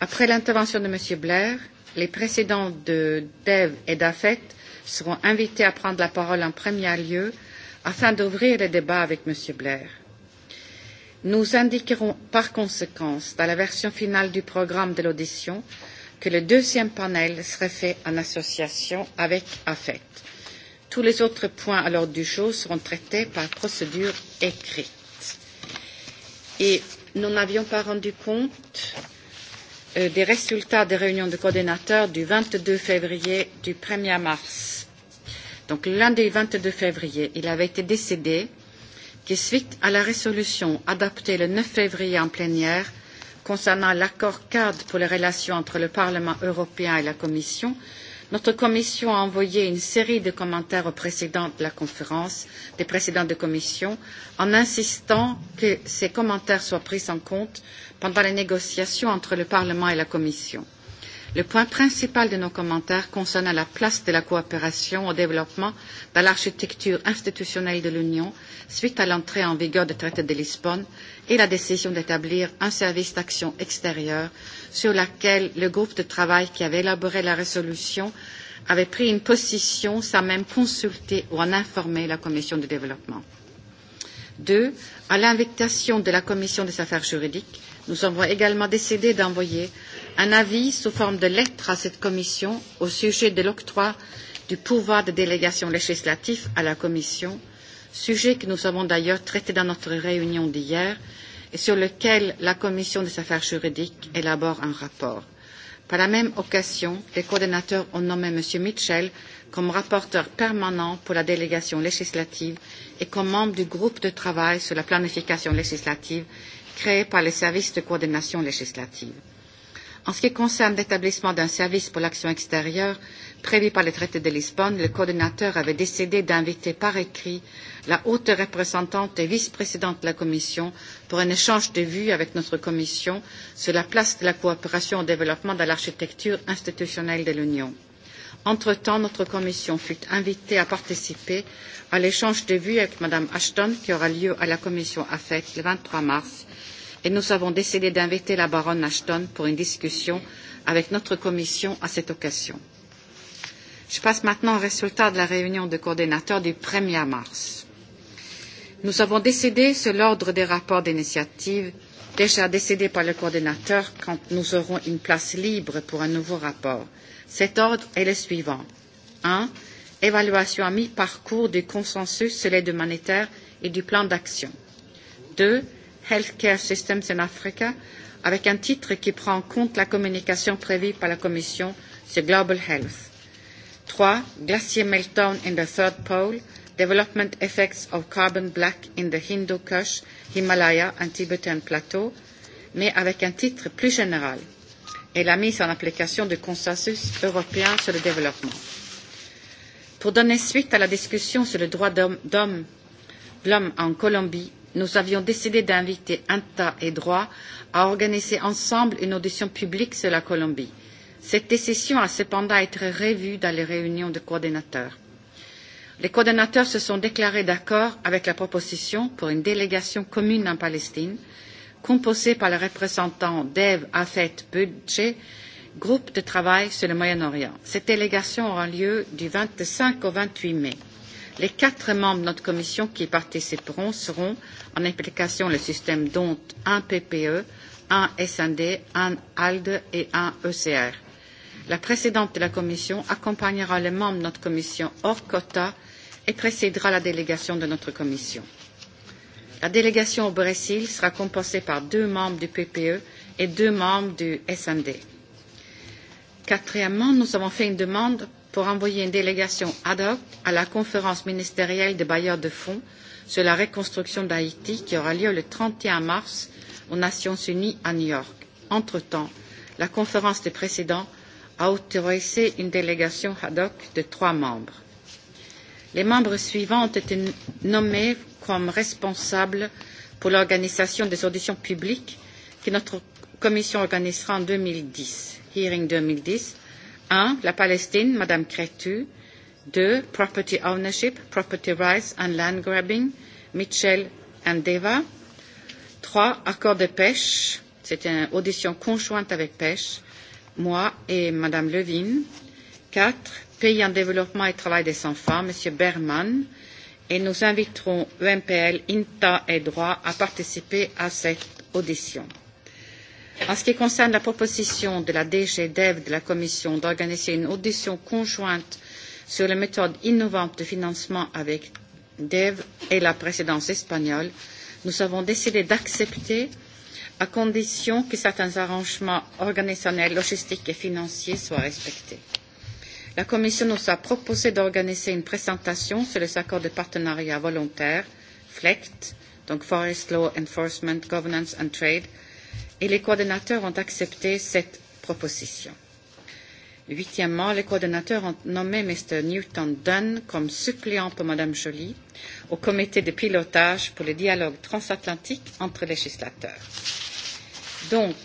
Après l'intervention de M. Blair, les présidents de DEV et d'AFET seront invités à prendre la parole en premier lieu afin d'ouvrir le débat avec M. Blair. Nous indiquerons par conséquence dans la version finale du programme de l'audition que le deuxième panel serait fait en association avec AFET. Tous les autres points à l'ordre du jour seront traités par procédure écrite. Et nous n'avions pas rendu compte euh, des résultats des réunions de coordinateurs du 22 février du 1er mars. Donc lundi 22 février, il avait été décidé qui, suite à la résolution adoptée le 9 février en plénière concernant l'accord cadre pour les relations entre le Parlement européen et la Commission, notre commission a envoyé une série de commentaires au président de la conférence des présidents de commission en insistant que ces commentaires soient pris en compte pendant les négociations entre le Parlement et la Commission. Le point principal de nos commentaires concerne la place de la coopération au développement dans l'architecture institutionnelle de l'Union suite à l'entrée en vigueur du traité de Lisbonne et la décision d'établir un service d'action extérieure sur laquelle le groupe de travail qui avait élaboré la résolution avait pris une position sans même consulter ou en informer la commission du développement. Deux, à l'invitation de la commission des affaires juridiques, nous avons également décidé d'envoyer un avis sous forme de lettre à cette commission au sujet de l'octroi du pouvoir de délégation législative à la Commission, sujet que nous avons d'ailleurs traité dans notre réunion d'hier et sur lequel la Commission des affaires juridiques élabore un rapport. Par la même occasion, les coordinateurs ont nommé M. Mitchell comme rapporteur permanent pour la délégation législative et comme membre du groupe de travail sur la planification législative créé par les services de coordination législative. En ce qui concerne l'établissement d'un service pour l'action extérieure prévu par le traité de Lisbonne, le coordinateur avait décidé d'inviter par écrit la haute représentante et vice-présidente de la Commission pour un échange de vues avec notre Commission sur la place de la coopération au développement dans l'architecture institutionnelle de l'Union. Entre-temps, notre Commission fut invitée à participer à l'échange de vues avec Mme Ashton qui aura lieu à la Commission AFET le 23 mars et nous avons décidé d'inviter la baronne Ashton pour une discussion avec notre commission à cette occasion. Je passe maintenant au résultat de la réunion de coordinateurs du 1er mars. Nous avons décidé, sur l'ordre des rapports d'initiative, déjà décidé par le coordinateur quand nous aurons une place libre pour un nouveau rapport. Cet ordre est le suivant. 1. Évaluation à mi-parcours du consensus sur l'aide humanitaire et du plan d'action. 2. Healthcare Systems in Africa, avec un titre qui prend en compte la communication prévue par la Commission sur Global Health. 3. Glacier meltdown in the Third Pole, Development Effects of Carbon Black in the Hindu Kush, Himalaya and Tibetan Plateau, mais avec un titre plus général et la mise en application du consensus européen sur le développement. Pour donner suite à la discussion sur les droits de l'homme en Colombie nous avions décidé d'inviter INTA et Droit à organiser ensemble une audition publique sur la Colombie. Cette décision a cependant été revue dans les réunions de coordinateurs. Les coordinateurs se sont déclarés d'accord avec la proposition pour une délégation commune en Palestine, composée par les représentants d'Eve Afet Budge, groupe de travail sur le Moyen-Orient. Cette délégation aura lieu du 25 au 28 mai. Les quatre membres de notre commission qui y participeront seront en application le système dont un PPE, un SND, un ALDE et un ECR. La présidente de la Commission accompagnera les membres de notre Commission hors quota et précédera la délégation de notre Commission. La délégation au Brésil sera composée par deux membres du PPE et deux membres du SND. Quatrièmement, nous avons fait une demande pour envoyer une délégation ad hoc à la conférence ministérielle des bailleurs de fonds sur la reconstruction d'Haïti qui aura lieu le 31 mars aux Nations Unies à New York. Entre-temps, la conférence des présidents a autorisé une délégation ad hoc de trois membres. Les membres suivants ont été nommés comme responsables pour l'organisation des auditions publiques que notre commission organisera en 2010, Hearing 2010. 1. La Palestine, Madame Crétu, 2. Property ownership, property rights and land grabbing, Mitchell and Deva. 3. Accord de pêche, c'est une audition conjointe avec pêche, moi et Madame Levine. 4. Pays en développement et travail des enfants, Monsieur Berman. Et nous inviterons EMPL, INTA et Droit à participer à cette audition. En ce qui concerne la proposition de la DG DEV de la Commission d'organiser une audition conjointe sur les méthodes innovantes de financement avec DEV et la présidence espagnole, nous avons décidé d'accepter à condition que certains arrangements organisationnels, logistiques et financiers soient respectés. La Commission nous a proposé d'organiser une présentation sur les accords de partenariat volontaire, FLECT, donc Forest Law Enforcement, Governance and Trade, et les coordinateurs ont accepté cette proposition. Huitièmement, les coordonnateurs ont nommé Mr. Newton Dunn comme suppléant pour Mme Joly au comité de pilotage pour le dialogue transatlantique entre législateurs. Donc,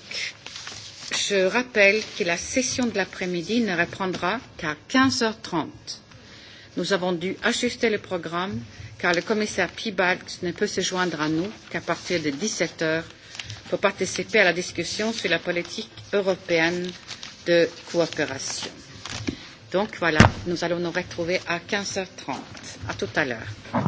je rappelle que la session de l'après-midi ne reprendra qu'à 15h30. Nous avons dû ajuster le programme car le commissaire Piebalgs ne peut se joindre à nous qu'à partir de 17h pour participer à la discussion sur la politique européenne de coopération. Donc voilà, nous allons nous retrouver à 15h30. À tout à l'heure.